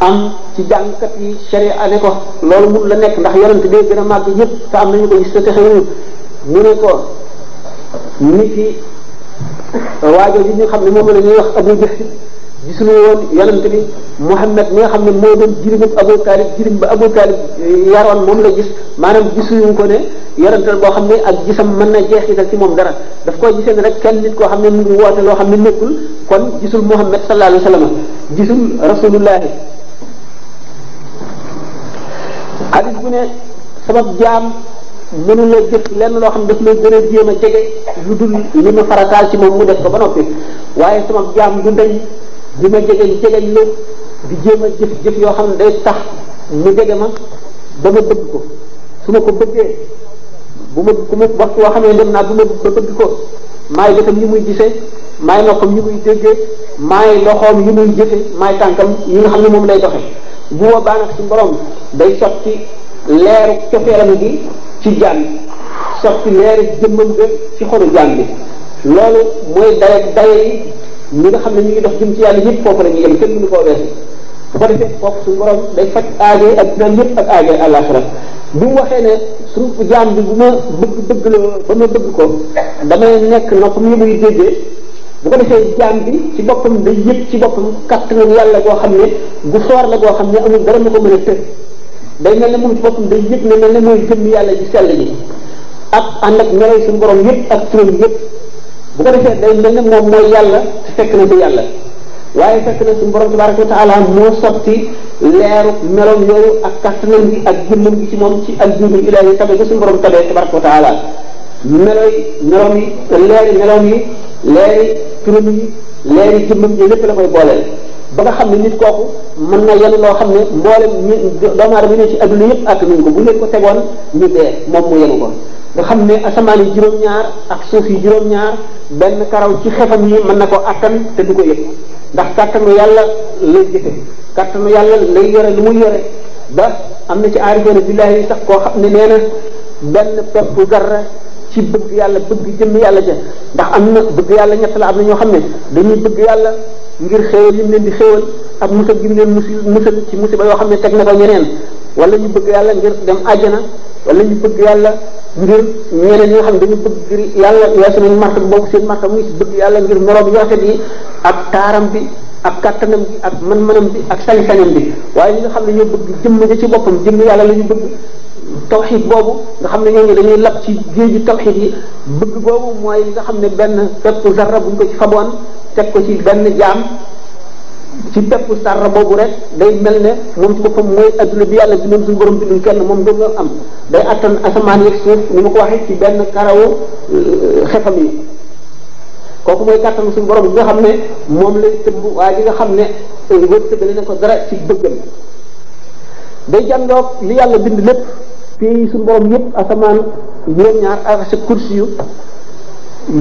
am ci jàngkat yi sharia ne ko loolu mun la nekk ndax yonent bee gën a màgg yëpp te am nañu ko gis te xewuñu mu ne ko ni fi waajo yi ñu xam ne moom la ñuy wax abu jahl gisuñu woon yonent bi xam ne moo doon jirimub Abu Taalib jirim ba Abu Taalib yaroon moom la gis maanaam gisuñu ko ne yonent la boo xam ne ak gisam mën na jeex jeexital ci moom dara daf koo gisee ne rek kenn nit koo xam ne mu ngi wootee loo xam ne nekkul kon gisul Muhammad sallallahu alayhi wa sallam gisul rasulullahi xadis bu ne sama jaam mënu la jëf lenn loo xam ne daf lay gën a jéem a jege lu dul li ma farataal ci moom mu def ko ba noppi waaye sama jaam du ndey di ma jege jege lu di jéem a jëf jëf yoo xam ne day tax mu jege ma ba ma bëgg ko su ma ko bëggee bu ma bu ma waxtu woo xam ne dem naa bu ma bëgg ko maay bëtam yi muy gisee maay noppam yi muy déggee maay loxoom yi muy jëfe maay tànkam yi nga xam ne moom lay doxe bu boobaa nag suñu borom day sotti leeru cofeelam gi ci jaam bi sotti leeru jëmmam ga ci xolu jaam bi loolu mooy daye daye yi nga xam ne ñu ngi dox jëm ci yàlla yëpp foofu la ñuy yem kenn mënu koo weesu bu ko defee foofu suñu borom day faj aajee ak naan yëpp ak aajee àllaaxira bi mu waxee ne suñu jaam bi bu ma bëgg bëgg la ba ma bëgg ko damay nekk nopp mi muy déggee bu ko defee jaam bi ci boppam day yëg ci boppam kattanu yàlla goo xam ne gu foor la goo xam ne amul dara mu ko mën a tër day mel ne moom ci boppam day yëg ne mel ne yàlla ji sell ji ak ànd ak melay suñu borom yëpp ak turam yëpp bu ko defee day mel ne moom mooy yàlla fekk na du yàlla waaye fekk na suñu borom tabaraka wa taala moo sotti leeru meloom yooyu ak kattanam gi ak jëmmam gi ci moom ci ak jundul ilaahi tabe gi suñu borom tabe tabaraka wa taala meloy meloom yi leeri meloom yi leeri turam yi leeri jëmmam yi lépp la koy booleel ba nga xam ne nit kooku mën na yenn loo xam ne mboolem ñu doomu aadama ne ci adduna yëpp àtt nañ ko bu leen tegoon moom mu yenu ko nga xam ne asamaan yi juróom-ñaar ak suuf yi juróom-ñaar benn karaw ci xefam yi mën na ko attan te du ko yëg ndax kàttanu yàlla lay jëfe kàttanu yàlla lay yore lu muy yore ba am na ci aarifoona billahi sax koo xam ne nee na benn pepp garra ci bëgg yàlla bëgg jëmm yàlla ja ndax am na bëgg yàlla ñett la am na ñoo xam ne dañuy bëgg yàlla ngir xéewal yi mu leen di xéewal ak musal gi mu leen musil musal ci musiba yoo xam ne teg na ko ñeneen wala ñu bëgg yàlla ngir dem àjjana wala ñu bëgg yàlla ngir ñeneen ñi nga xam ne dañu bëgg ngir yàlla weesu nañu martaba boobu seen martaba mu ngi ci bëgg yàlla ngir moroom yoote yi ak taaram bi ak kattanam bi ak man-manam bi ak sañ-sañam bi waaye ñi nga xam ne ñoo bëgg jëmm ja ci boppam jëmm yàlla la ñu bëgg tawxid boobu nga xam ne ñooñu dañuy lab ci géeju tawxid yi bëgg boobu mooy li nga xam ne benn peppu zarra bu ñu ko ci faboon teg ko ci benn jaam ci peppu zarra boobu rek day mel ne moom ko fa mooy adduna bi yàlla moom suñu borom am day attan asamaan yeeg suuf ni ko waxee ci benn karawu euh, xefam yi kooku mooy kàttan suñu bi nga xam ne moom lay tëbb waaye li nga xam ne euh, wërsëgale na ko dara ci bëggam day jàndoog li yàlla bind lépp pay suñu borom yëpp asamaan juróom-ñaar ak sa kursi yu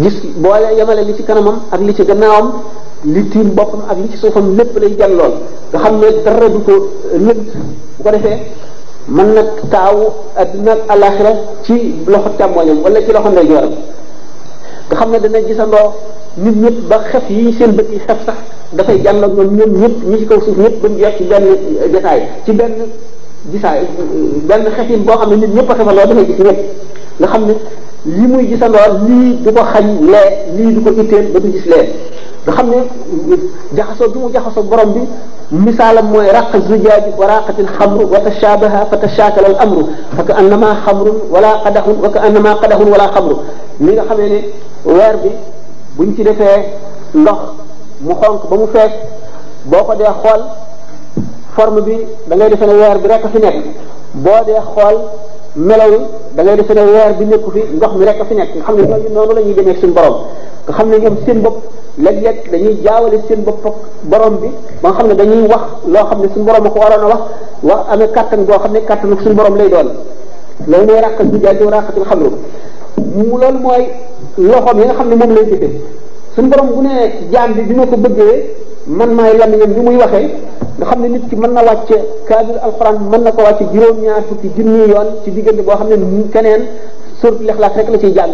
gis boole yemale li ci kanamam ak li ci gannaawam li tiim boppam ak li ci suufam lépp lay jàllool nga xam ne dara du ko lënt bu ko defee mën na taawu adduna ak ci loxo càmmoñam wala ci loxo ndeyjooram nga xam ne danay gisandoo nit ñëpp ba xef yi seen bët yi xef sax dafay jàlloog ñoom ñoom ñëpp ñi ci kaw suuf ñëpp ba mu ci benn détail ci benn gisaay benn xefin boo xam ne nit ñëpp a xefaloo dafay gis ñëpp nga xam ne li muy gisandoo lii du ko xañ lee lii nga xam ne jaxasoo bi mu jaxasoo borom bi misaalam mooy raqa zujaaji wa raqati alxamru wa tashaabaha fa tashaakala al amru fa ka annama wa ka annama nga xamee ne weer bi buñ ci defee ndox mu xonq ba mu fees boo ko dee xool forme bi da ngay defe weer bi rekk fi nekk boo dee xool melaw yi da ngay defe ne weer bi nekku fi ndox mi rekk fi nekk nga xam ne noonu la ñuy demee suñ borom nga xam ne ñoom seen bopp léeg-léeg dañuy jaawale seen bopp ak borom bi ba nga xam ne dañuy wax loo xam ne suñu borom a ko waroon wax wax amee kàttan boo xam ne kàttan suñu borom lay doon loolu mooy ràq bi jaay diw ràqatul xamru mu loolu mooy loxoom yi nga xam ne moom lay jëfe suñu borom bu ne bi bi ma ko bëggee man maay lamiñam bi muy waxee nga xam ne nit ki mën na wàcce kaamil alxuraan mën na ko wàcce juróom-ñaar fukki junni yoon ci diggante boo xam ne keneen suuratul ixlaas rek la ciy jàng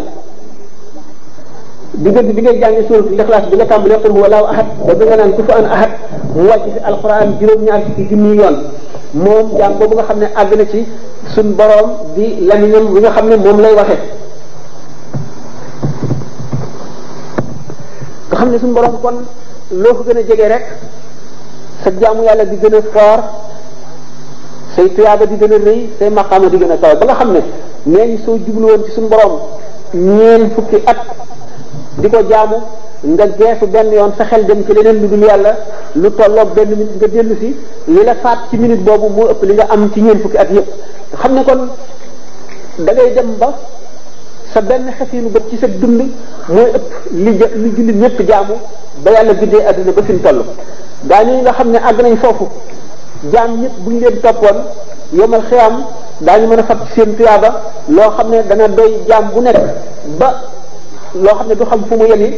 diggante bi ngay jàngi suuratul ixlaas bi nga tàmbalee qul bi nga naan ku fa an ahad mu wàcc fi alxuraan juróom-ñaar fukki junni yoon moom jàng boobu nga xam ne àgg na ci suñ boroom di laminam bi nga xam ne moom lay waxe nga xam ne suñ boroom kon loo ko gën a jege rek sa jaamu yàlla di gën a foor say tuyaaba di gën a rëy say maqaama di gën a kawe ba nga xam ne nee soo jublu ci suñ boroom ñeen fukki at di ko jaamu nga geesu benn yoon sa xel dem ci leneen lu dul yàlla lu tolloog benn minute nga dellu si li la faat ci minute boobu moo ëpp li nga am ci ñeen fukki at yëpp xam ne kon da ngay dem ba sa benn xasiinu bët ci sa dund mooy ëpp li li jullit ñëpp jaamu ba yàlla bindee adduna ba fi mu toll gaa ñi nga xam ne àgg nañ foofu jaam ñëpp bu ñu leen toppoon yomal xiyaam ñu mën a fab seen tuyaaba loo xam ne dana doy jaam bu nekk ba loo xam ne du xam fu mu yemi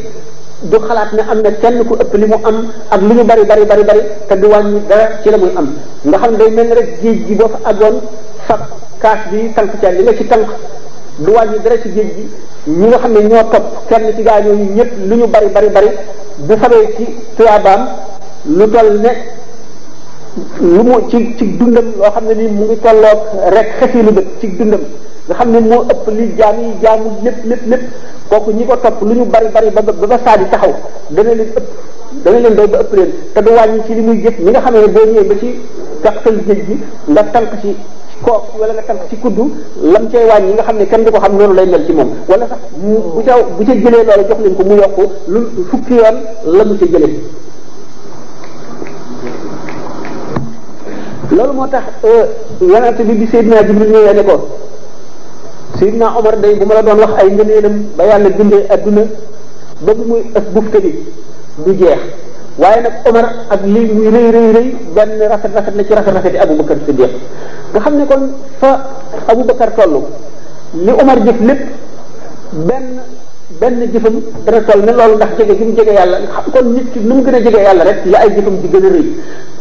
du xalaat ne am na kenn ku ëpp li mu am ak lu ñu bari bari bari bari te du wàññi dara ci la muy am nga xam ne day mel ni rek géej gi boo fa àggoon fab kaas bi tànk ci li nga ci tànk du wàññi dara ci géej gi ñi nga xam ne ñoo topp kenn ci gaa ñooñu ñëpp lu ñu bari bari bari bu fabee ci tuyaabaam lu dol ne lu mu ci ci dundam loo xam ne ni mu ngi tolloog rek xefi lu bët ci dundam nga xam ne moo ëpp li jaam yi jaamu lépp lépp lépp kooku ñi ko topp lu ñu bari bari ba ba saadi taxaw dana leen ëpp dana leen doy ba ëpp leen te du wàññi ci li muy jëf ñi nga xam ne boo ñëwee ba ci gàttal géej gi nga tànk ci kook wala nga tànk ci kuddu lam cay wàññi nga xam ne kenn du ko xam noonu lay mel ci moom wala sax bu ca bu ca jëlee loolu jox leen ko mu yokk lu fukki yoon la mu ca jëlee loolu moo tax euh, yonent bi bi Seydina Jibril ñëwee ne ko Seydina Omar day bu ma la doon wax ay ngëneelam ba yàlla bindee adduna ba bu muy ëpp bufte bi jeex waaye nag Omar ak lii rëy rëy rëy benn rafet rafet la ci rafet rafet yi Aboubacar Siddiq nga xam ne kon fa Aboubacar toll li Omar jëf lépp benn. benn jëfam dana toll ne loolu ndax jege gi mu jege yàlla xam kon nit ki nu mu gën a jege yàlla rek la ay jëfam di gën a rëy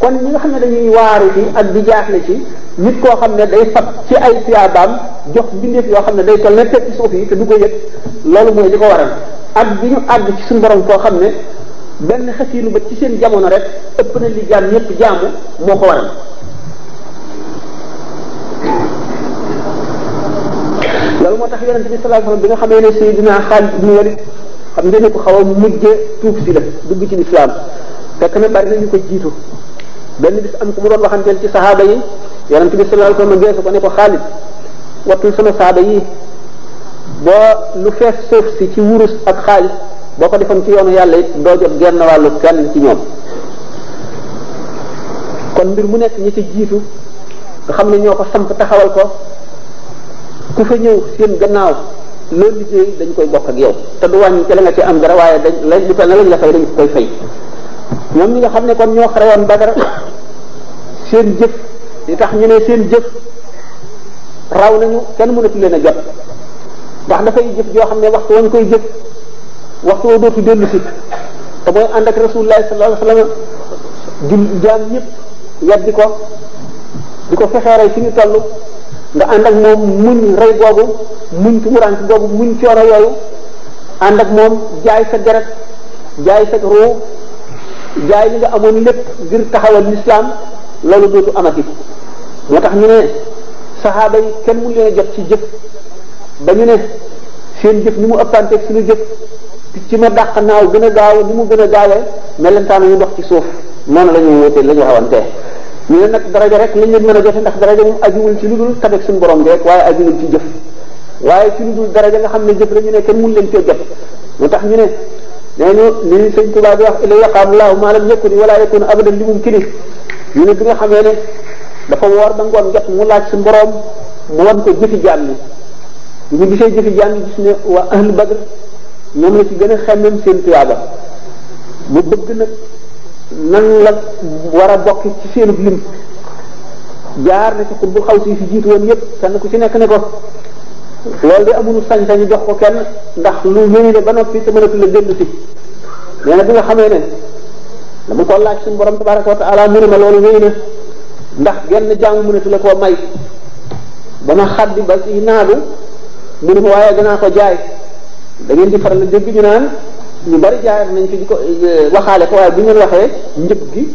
kon ñi nga xam ne dañuy waaru ci ak di jaaxle ci nit koo xam ne day fab ci ay tuyaabaam jox mbindeef yoo xam ne day toll ne teg ci suuf yi te du ko yëg loolu mooy li ko waral ak bi ñu àgg ci suñu borom koo xam ne benn xasiinu bët ci seen jamono rek ëpp na li jaam ñëpp jaamu moo ko waral loolu moo tax yonente bi sallallahu alayhi wasallam bi nga xamee ne Seydina Xaalid ibn Walid xam ngeen ne ko xaw a mujje tuub si dugg ci lislaam fekk na bari nañu ko jiitu benn bis am ku mu doon waxanteel ci saxaaba yi yonente bi sallallahu alayhi wasallam geesu ko ne ko Xaalid wattul sama saaba yi boo lu fees suuf si ci wurus ak xaalis boo ko defoon ci yoonu yàlla it doo jot genn wàllu kenn ci ñoom kon mbir mu nekk ñi ci jiitu nga xam ne ñoo ko samp taxawal ko ku fa ñëw seen gannaaw loo liggéey dañ koy bokk ak yow te du wàññi ci la nga ci am dara waaye dañ lañ li ko lañ la fay dañ koy fay ñoom ñi nga xam ne kon ñoo xare woon Badar seen jëf li tax ñu ne seen jëf raw nañu kenn mënatu leen a jot ndax dafay jëf joo xam ne waxtu wañ koy jëf waxtu woo dootu dellu si te mooy ànd ak rasulullah sallallahu alayhi wasallam jul jaam ñëpp yeddi ko di ko fexeeray fi ñu toll nga ànd ak moom muñ rey googu muñ tumuraan ci googu muñ coono yooyu ànd ak moom jaay sa deret jaay sa ruu jaay li nga amoon lépp ngir taxawal lislaam loolu dootu amati moo tax ñu ne saxaaba yi kenn mu leen a jot ci jëf ba ñu ne seen jëf ni mu ëppanteeg suñu jëf ci ma dàq naaw gën a gaaw ni mu gën a gaawee melentaan ñu dox ci suuf noonu la ñuy wóotee la ñu xawantee ñu ne nag daraja rek lañ leen a joxe ndax daraja moom ajuwul ci lu dul tabeg suñu borom bi rek waaye ajuwul ci jëf waaye ci lu dul daraja nga xam ne jëf la ñu ne kenn mun leen ke jot moo tax ñu ne nee ñu li sëñ Tuubaa bi wax ila yaqaam laahu maa lam yakun wala yakun abadan li mum kini ñu ne bi nga xamee ne dafa woor ba ngoon jot mu laaj suñu borom mu wan ko jëfi jaam yi ñu gisee jëfi jaam gis ne waa ahlu badr ñoom la ci gën a xemmem seen tuyaaba mu bëgg nan la war a bokk ci seenu lim jaar na ci xutbu xaw si fi jiitu woon yépp kenn ku ci nekk ne ko loolu de amul sañ-sañu jox ko kenn ndax lu ñëwee ne ba noppi te mënatu la dellu si nee na nga xamee ne dama ko laaj suñu borom tabaraka wa taala mu ne ma loolu wéy ndax genn jaamu mënatu la koo may ba ma xaddi ba si naagu mu ne ko waaye danaa ko jaay da ngeen di faral dégg ñu naan ñu bari jaar nañ fi di ko euh, waxaale ko waaye bu ñu waxee njëg gi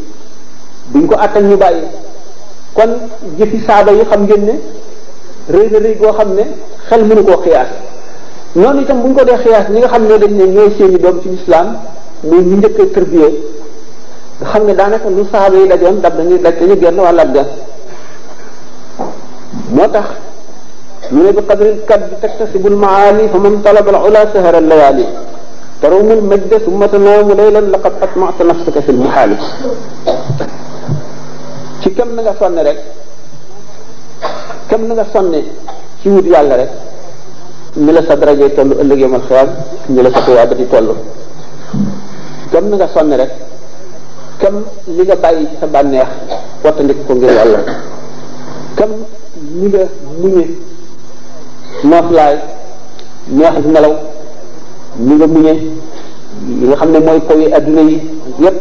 duñ ko attan ñu bàyyi kon jëfi saaba yi xam ngeen ne rëy na rëy goo xam ne xel mënu koo xiyaas noonu itam bu ñu ko dee xiyaas ñi nga xam ne dañ ne ñooy seeni doom ci lislaam muy ñu njëkk a tërbiyee nga xam ne daanaka lu saaba yi dajoon dab dañuy daj dañu genn wala ga moo tax ñu ne bi qadril kat bi teg tasibul maali fa man talabal ula sahara layaali تروم المجد ثم تنام ليلا لقد أطمعت نفسك في المحال ci kam na nga sonne rek kam na nga sonne ci wut yàlla rek ni la sa darajee toll ëllëg yamal xiyaam ni la sa tuyaaba di toll kam na nga sonne rek kam li nga bàyyi ci sa bànneex wattandik ko ngir yàlla kam ni nga muñe noof laay neex nelaw ni nga muñe li nga xam ne mooy kaw yi adduna yi yépp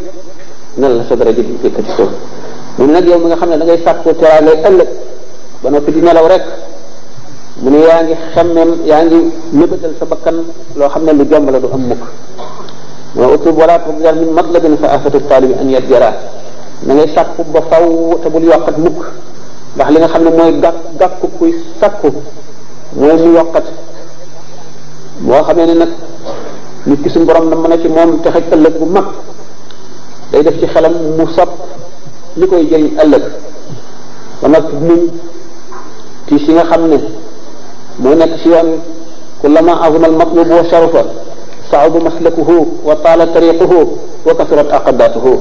nan la sa daraja di yëkkati ko mu ne nag yow mi nga xam ne da ngay sàkku teraangay ëllëg ba noppi di nelaw rek mu ne yaa ngi xemmem yaa ngi mébétal sa bakkan loo xam ne lu jomb la du am mukk ma utub wala tujar min matlabin fa afatu taalibi an yajjara na ngay sàkku ba faw te bul yokkat mukk ndax li nga xam ne mooy gàkk gàkku kuy sàkku mooy mu yokkat boo xamee ne nag nit ki suñu borom na mën a ci moom texe ëllëg bu mag day def ci xelam mu sopp li koy jëriñ ëllëg ba nag muñ tiis yi nga xam ne moo nekk ci yoon kullama azuma al matlubu wa sharafa saaba maslakuhu wa taala tariquhu wa kasurat aqabatuhu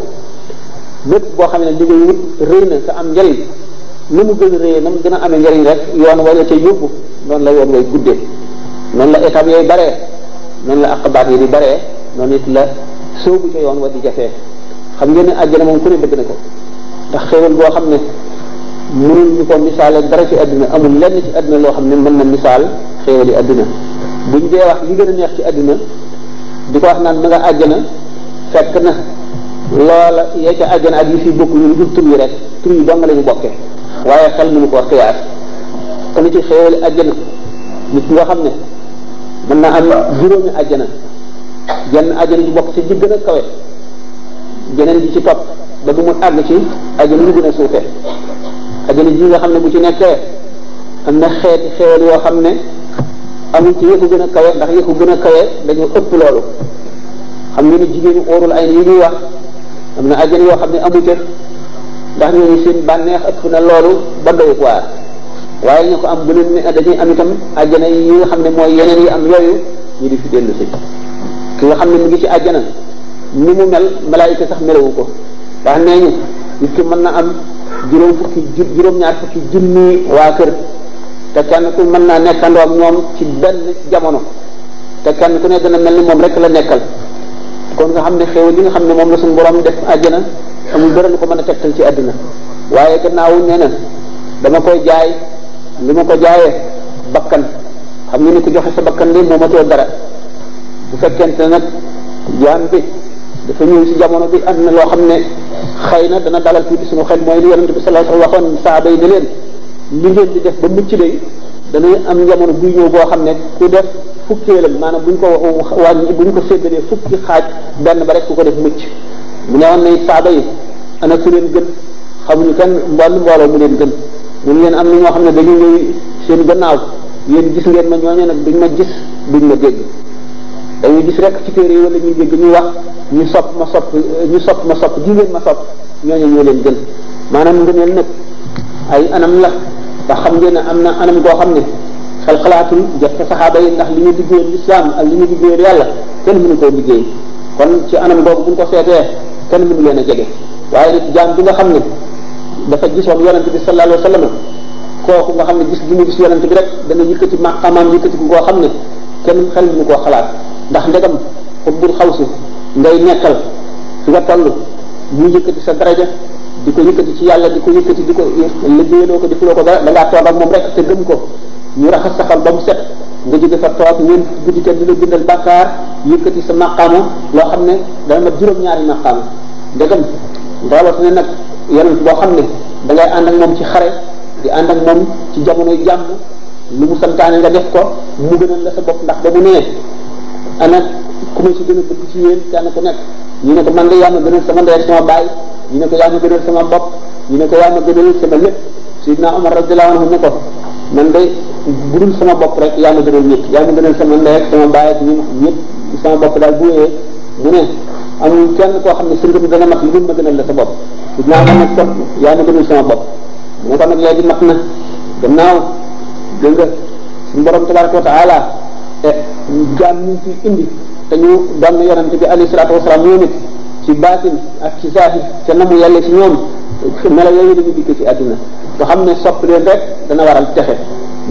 lépp boo xam ne li ngay wut rëy na sa am njëriñ nu mu gën a rëyee na mu gën rek yoon way ca yóbbu noonu la yoon way guddee noonu la étape yooyu baree noonu la aqabaat yi di baree noonu la soobu ca yoon wa di jafee xam ngeen ne àjjana moom ku ne bëgg na ko ndax xéewal boo xam ne mënul ñu ko misaale dara ci àdduna amul lenn ci àdduna loo xam ne mën na misaal xéewal yi àdduna buñ dee wax li gën ci àdduna di ko wax naan ma nga àjjana fekk na loola yee ca àjjana ak yi fi bokk ñu tur yi rek tur yi dong lañu bokkee waaye xel mënu ko wax kon ci xéewali àjjana nit nga xam ne man na am juróomi àjjana jenn àjjana ji bokk ci ji gën a kawe jeneen ji ci topp ba du mu àgg ci àjjana lu gën a suufe àjjana ji nga xam ne bu ci nekkee am na xeet xewal yoo xam ne amul ci yëkku gën a kawe ndax yëkku gën a kawe dañu ëpp loolu xam nga ni jigéenu óorul ay yi ñuy wax am na àjjana yoo xam ne amu ca ndax ñooñu seen bànneex ëpp na loolu ba doy waar waaye ñu ko am bu leen ne dañuy am itam àjjana yi nga xam ne mooy yeneen yi am yooyu ñu di fi dellu si ki nga xam ne mu ngi ci àjjana ni mu mel malaayika sax melewu ko ndax nee ñu na am juróom fukki ñaar fukki junni waa kër te kenn ku mën naa nekkandoo ak ñoom ci benn jamono te kenn ku ne dana mel ni moom rek la nekkal kon nga xam ne xéewal li nga xam ne moom la suñu borom def àjjana amul dara lu ko mën a tegtal ci àddina waaye gannaaw nee na dama koy jaay lu ma ko jaayee bakkan xam nga ni ko joxe sa bakkan de moomatoo dara bu fekkente nag jaam bi dafa ñëw ci jamono bi am na loo xam ne xëy na dana dalal tuuti suñu xel mooy li yonente bi sallallahu alayhi wasallam yi ne leen li ngeen di def ba mucc day dana am jamono buy ñëw boo xam ne ku def fukkeelam maanaam buñ ko wàññi buñ ko séddalee fukki xaaj benn ba rek ku ko def mucc mu ne woon na saaba yi ana ku leen gën xamuñu kenn mbool mbooloo mu leen gën mu leen am na ñoo xam ne dañu ñëw seen gannaaw yéen gis ngeen ma ñooñu nag duñ ma gis duñ ma dégg dañuy gis rek ci téere yi wala ñuy dégg ñu wax ñu sopp ma sopp ñu sopp ma sopp gi ngeen ma sopp ñooñu ñoo leen gën maanaam ngëneel nag ay anam la te xam ngeen ne am na anam goo xam ne xel xalaatul jot ko saxaaba yi ndax li ñu liggéeyal lislaam ak li ñu liggéeyal yàlla kenn mënu koo liggéey kon ci anam googu bu ñu ko seetee kenn mënu leen a jege waaye nag bi nga xam ne dafa gisoon yonent bi sallallahu alayhi wa kooku nga xam ne gis bi mu gis yonent bi rek dana yëkkati maqamaam yëkkati ku koo xam ne kenn xel mu koo xalaat ndax ndegam xubbul xaw si ngay nekkal fi nga toll mu yëkkati sa daraja di ko yëkkati ci yàlla di ko yëkkati di ko liggéeyaloo ko defuloo ko dara da ngaa toog ak moom rek te gëm ko ñu raxas sa ba mu set nga jóge fa toog ñeent guddi te di la bindal bàkkaar yëkkati sa maqaama loo xam ne dana mat juróom-ñaari maqaama ndegam mbooloo su ne nag yonent boo xam ne da ngay ànd ak moom ci xare di ànd ak moom ci jamono jàmm lu mu santaane nga def ko mu gënal la sa bopp ndax ba mu nee ana ku ma ci gën a bëgg ci yéen kenn ku nekk ñu ne ko man de yaa ma gënal sama ndey sama baay ñu ne ko yaa ma gënal sama bopp ñu ne ko yaa ma gënal sama lépp Sayyidina Umar radiyallahu anhu ne ko man de bu sama bopp rek yaa ma gënal ñëpp yaa ma gënal sama ndey ak sama baay ak ñun ñëpp sama bopp daal bu wéyee mu ne amul kenn koo xam ne sa ngëm dana mat lu ma gënal la sa bopp dinaa ma nag kon yaa ma gënal sama bopp mu ne ko nag léegi mat na gannaaw dégg nga suñu borom tabaraka wa taala e jaam ñu ci indi te ñu doon yonante bi alayhi salaatu wasalaam ñoom it ci baatin ak ci zaahir te na mu yàlla ci ñoom melo yooyu dañu dikk ci àdduna nga xam ne sopp leen rek dana waral texe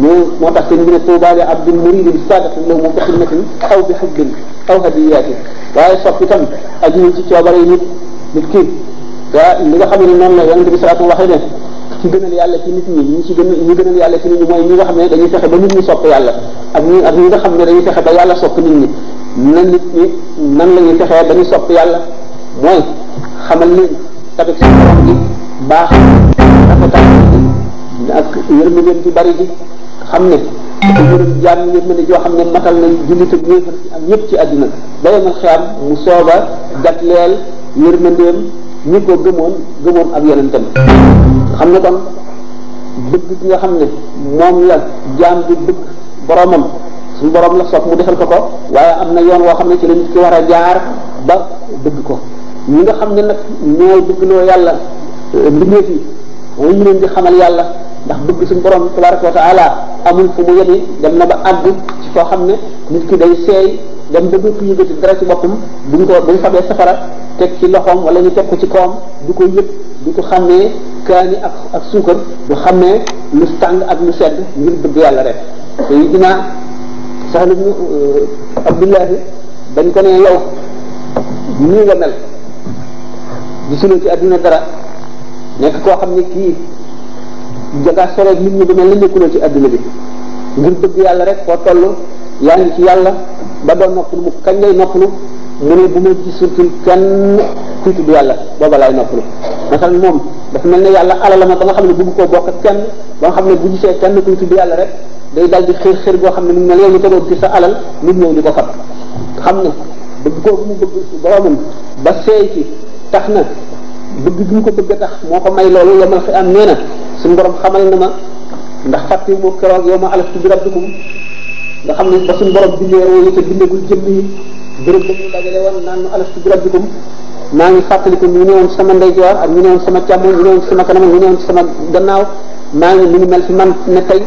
ñu moo tax seen bi ne tuuba li abdin muridin sadiqin lahu mu bi xidmatin aw bi xajbin aw hadiyatin waaye sopp itam ajuwul ci coobare nit nit kii gaa li nga xam ne noonu la yonente bi salaatu waxee ne ci gënal yàlla ci nit ñi ñi ci gën ñi yàlla ci nit ñi nga xam ne dañuy fexe ba nit ñi sopp yàlla ak ñi ak ñi nga xam ne dañuy fexe ba yàlla sopp nit ñi na nit ñi nan lañuy ñuy fexee ba ñu sopp yàlla mooy xamal leen tabit seen borom gi baax rafetal ak yërmandeem ci bari gi xam ne yërëm jaam ñi yërmande joo xam ne matal nañ jullit ak yéefar ci am yépp ci àddina ba yemal xiyaam mu sooba jagleel yërmandeem ñi ko gëmoon gëmoon ak yonentam xam ne kon bëgg gi nga xam ne moom la jaam bi bëgg boromam suñu borom la soog mu defal ko ko waaye am na yoon woo xam ne ci la ki war a jaar ba bëgg ko ñi nga xam ne nag ñooy bëggloo yàlla euh, mbindeef yi ñu leen di xamal yàlla ndax bëgg suñ borom tabaraka wa taala amul fu mu yem dem na ba àgg ci foo xam ne nit ki day seey dem ba dootu yëgati dara ci boppam buñ ko buñ fabee safara teg ci loxoom wala ñu teg ko ci kawam du ko yëg du ko xàmmee kaani ak ak suukar du ne lu tàng ak lu sedd ngir bëgg yàlla rek tey dinaa saxlu euh, ñu abdullahi dañ ko ne yow nii nga mel gisuloo ci àdduna dara nekk koo xam ne kii jaga soreeg nit ñi ba mel ne nekkuloo ci adduna bi ngir bëgg yàlla rek foo toll yaa ci yàlla ba doo noppalu mu kañ ngay noppalu mu ne bu ma gisatul kenn kuy tudd yàlla booba laay noppalu matal moom mel ne yàlla alal la ma xam ne bëgg koo bokk kenn ba xam ne bu gisee kenn kuy tudd yàlla rek day dal boo xam ne mu mel yow li ko doon gis sa alal nit ñëw xam ne bëgg koo mu bëgg boromam ba seey ci tax na bëgg gi mu ko bëgg a tax moo ko may loolu yamal xi am nee suñu borom xamal na ma ndax fàtte moo keroog yow ma alaftu bi rabbikum nga xam ne ba suñu borom bindee roo yi te bindagul jëmm yi béréb ba naan nu alaftu bi rabbikum maa ngi fàttaliku ñu ne ñu ne woon sama càmmoñ ñu ne woon sama kanam sama gannaaw maa ngi mi ngi mel man ne tey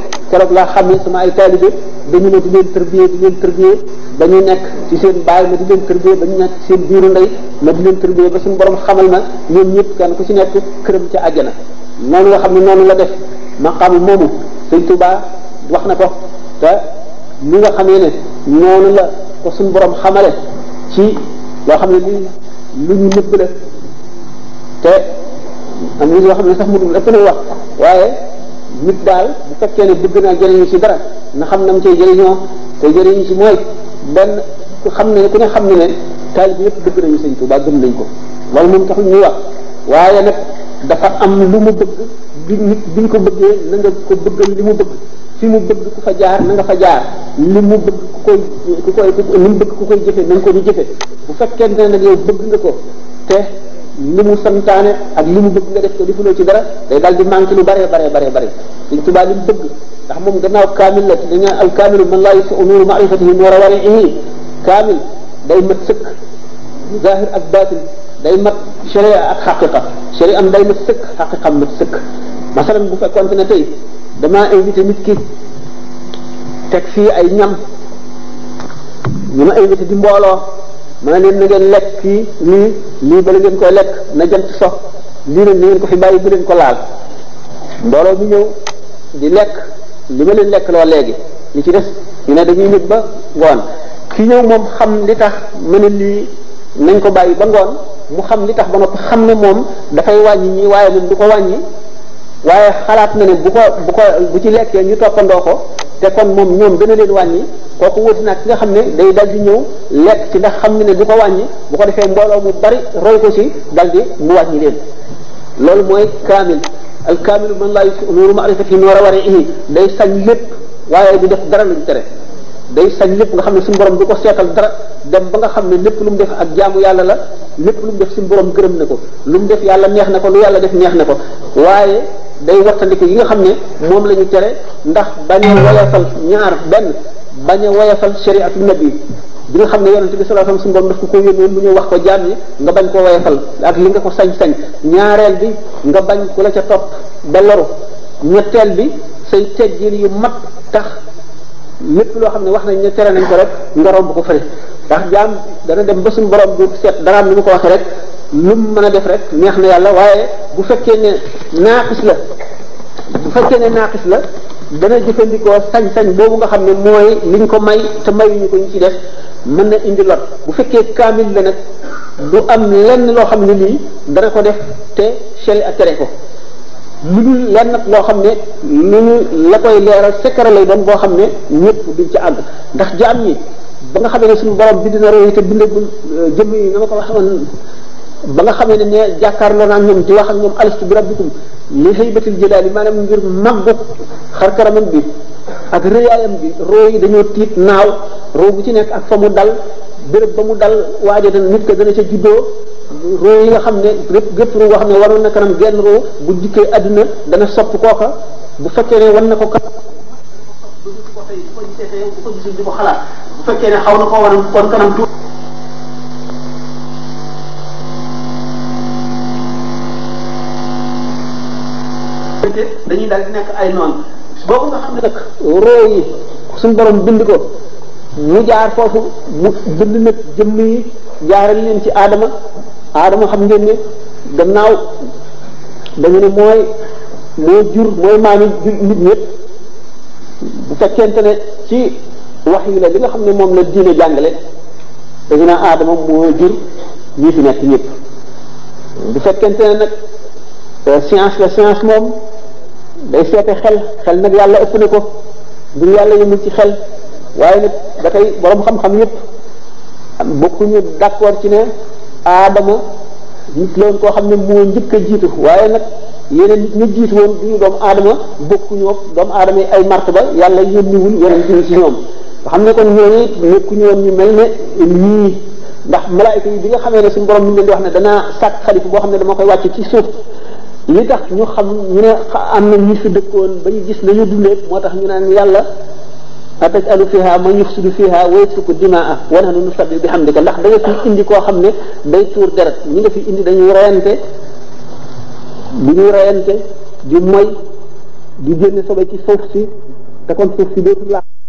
laa xam ne sama ay taalibe dañu ne di leen tërbiyee di leen tërbiyee ba ñu nekk ci seen ma di leen tërbiyee ba ñu seen biiru ndey ma di leen tërbiyee ba suñu borom xamal na ñoom ñëpp kan ku ci nekk këram ca àjjana noonu nga xam ne noonu la def maqaamu moomu sëñ Tuba wax na ko te ni nga xamee ne noonu la ko suñ borom xamale ci loo xam ne li lu ñu te am na yoo xam ne sax mu dul ëpp wax waaye nit daal bu fekkee ne bëgg naa jëriñu ci dara na xam na mu cay jëriñoo te jëriñu ci mooy benn ku xam ne ku ne xam ne ne taalib yëpp bëgg nañu sëñ Tuba gëm nañ ko loolu moom taxul ñuy wax waaye nag dafa am lu mu bëgg bi nit ko bëggee na nga ko bëggal li mu bëgg fi mu bëgg ku fa jaar na nga fa jaar li mu bëgg ku koy mu bëgg ku koy jëfe na ko di jëfe bu fekkente ne nag yow bëgg nga ko te li mu santaane ak lu mu bëgg nga def ko defuloo ci dara day daal di manqué lu bare bare bare bare Sëriñ Tuubaa li mu bëgg ndax moom gannaaw kaamil la dañu al kaamilu man laa yusu nuuru maarifatihi nuura wariihi kaamil day mat sëkk zahir ak baatin day mat sharia ak xaqiqa sharia am day mat sëkk xaqiqa am mat sëkk masalan bu fekkoonte ne tey damaa invité nit ki teg fii ay ñam ñu ma invité di mbooloo ma leen na ngeen lekk kii lii lii la ngeen koy lekk na jant so lii nag na ngeen ko fi bàyyi bu leen ko laal mbooloo bi ñëw di lekk li ma leen lekk loo léegi li ci des ñu ne dañuy ñëpp ba ngoon ki ñëw moom xam li tax mën a lii nañ ko bàyyi ba ngoon mu xam li tax ba noppi xam ne moom dafay wàññi ñi waaye moom du ko wàññi waaye xalaat na ne bu ko bu ko bu ci lekkee ñu toppandoo ko te kon moom ñoom gën a leen wàññi kooku wuti nag ki nga xam ne day dal ñëw lekk ci ndax xam ne du ko wàññi bu ko defee mbooloo mu bari roy ko ci dal di mu wàññi leen loolu mooy kaamil al kaamilu man laa yusi nuuru a noora warihi day sañ lépp waaye du def dara luñ tere day sañ lépp nga xam ne suñu borom du ko seetal dara dem ba nga xam ne lépp lu mu def ak jaamu yàlla la lépp lu mu def suñu borom gërëm na ko lu mu def yàlla neex na ko lu yàlla def neex na ko waaye day wattandiku yi nga xam ne moom la ñu tere ndax bañ woyafal ñaar benn bañ a woyafal shariatu nabi bi nga xam ne yonente bi sallallahu alayhi wasallam suñu borom daf ko ko yónnoon mu ñëw wax ko jaam yi nga bañ koo woyafal ak li nga ko sañ-sañ ñaareel bi nga bañ ku la ca topp ba loru ñetteel bi say teggin yu mat tax lépp loo xam ne wax nañ ne tere nañ ko rek nga bu ko fële ndax jaam dana dem ba suñu borom bu seet daraam ni mu ko waxee rek lu mu mën a def rek neex na yàlla waaye bu fekkee ne naaqis la bu fekkee ne naaqis la dana jëfandikoo sañ-sañ boobu nga xam ne mooy liñ ko may te mayuñu ko ñu ci def mën na indi lot bu fekkee kaamil la nag du am lenn loo xam ne lii dana ko def te sheli ak tere ko lu dul lenn loo xam ne lu ñu la koy leeral sekkare lay doon boo xam ne ñëpp duñ ci àgg ndax jaam yi ba nga xamee ne suñu borom bind na roy te bindagul euh, jëmm yi na ma ko waxoon ba nga xamee ne ne jàkkaarloo naa ñoom di wax ak ñoom alistu bi rabbikum li haybatil jalaali maanaam ngir màggu xar karamam bi ak rëyaayam bi roo yi dañoo tiit naaw roo bu ci nekk ak fa mu dal béréb ba mu dal waaja dana nit ko dana ca juddoo ruu yi nga xam ne gépp gépp ruu boo xam ne waroon na kanam genn ruu bu dikkee àdduna dana sopp kooka bu fekkee ne wan na ko kat bu xaw na koo wan kon kanam tuuti dañuy daal di nekk ay noonu boobu nga xam ne nag roo yi suñu bind ko mu jaar foofu mu bind nag jëmm yi jaaral leen ci aadama aadama xam ngeen ne gannaaw dañu ne mooy moo jur mooy maami jur nit ñëpp bu fekkente ne ci wax yi la li nga xam ne moom la diine jàngale dañu ne aadama moo jur ñi fi nekk ñëpp bu fekkente ne nag euh, science la science moom day seete xel xel nag yàlla ëpp na ko mbir yàlla yëmul ci xel waaye nag da borom xam-xam yëpp bokkuñu d'accord ci ne aadama nit loon koo xam ne moo njëkk a jiitu waaye nag yeneen nit ñu jiit woon duñu doomu aadama bokkuñu ak doomu aadama yi ay martaba yàlla yónniwul yeneen jëm ci ñoom nga xam ne kon ñooñu nekkuñu woon ñu mel ne ñii ndax malaayka yi bi nga xamee ne suñu borom mi leen wax ne danaa sàkk xalifa boo xam ne dama koy wàcc ci suuf li tax ñu xam ñu ne am na ñu fi dëkkoon ba ñu gis la ñu dundee moo tax ñu naan yàlla atajalu fiha man yufsidu fiha wa yasfiku dimaa wa nahnu nusabbihu bihamdika ndax da nga fi indi koo xam ne day tuur deret ñi nga fi indi dañuy reyante bu ñuy reyante di moy di génn sobe ci suuf si te kon suuf si dootul laa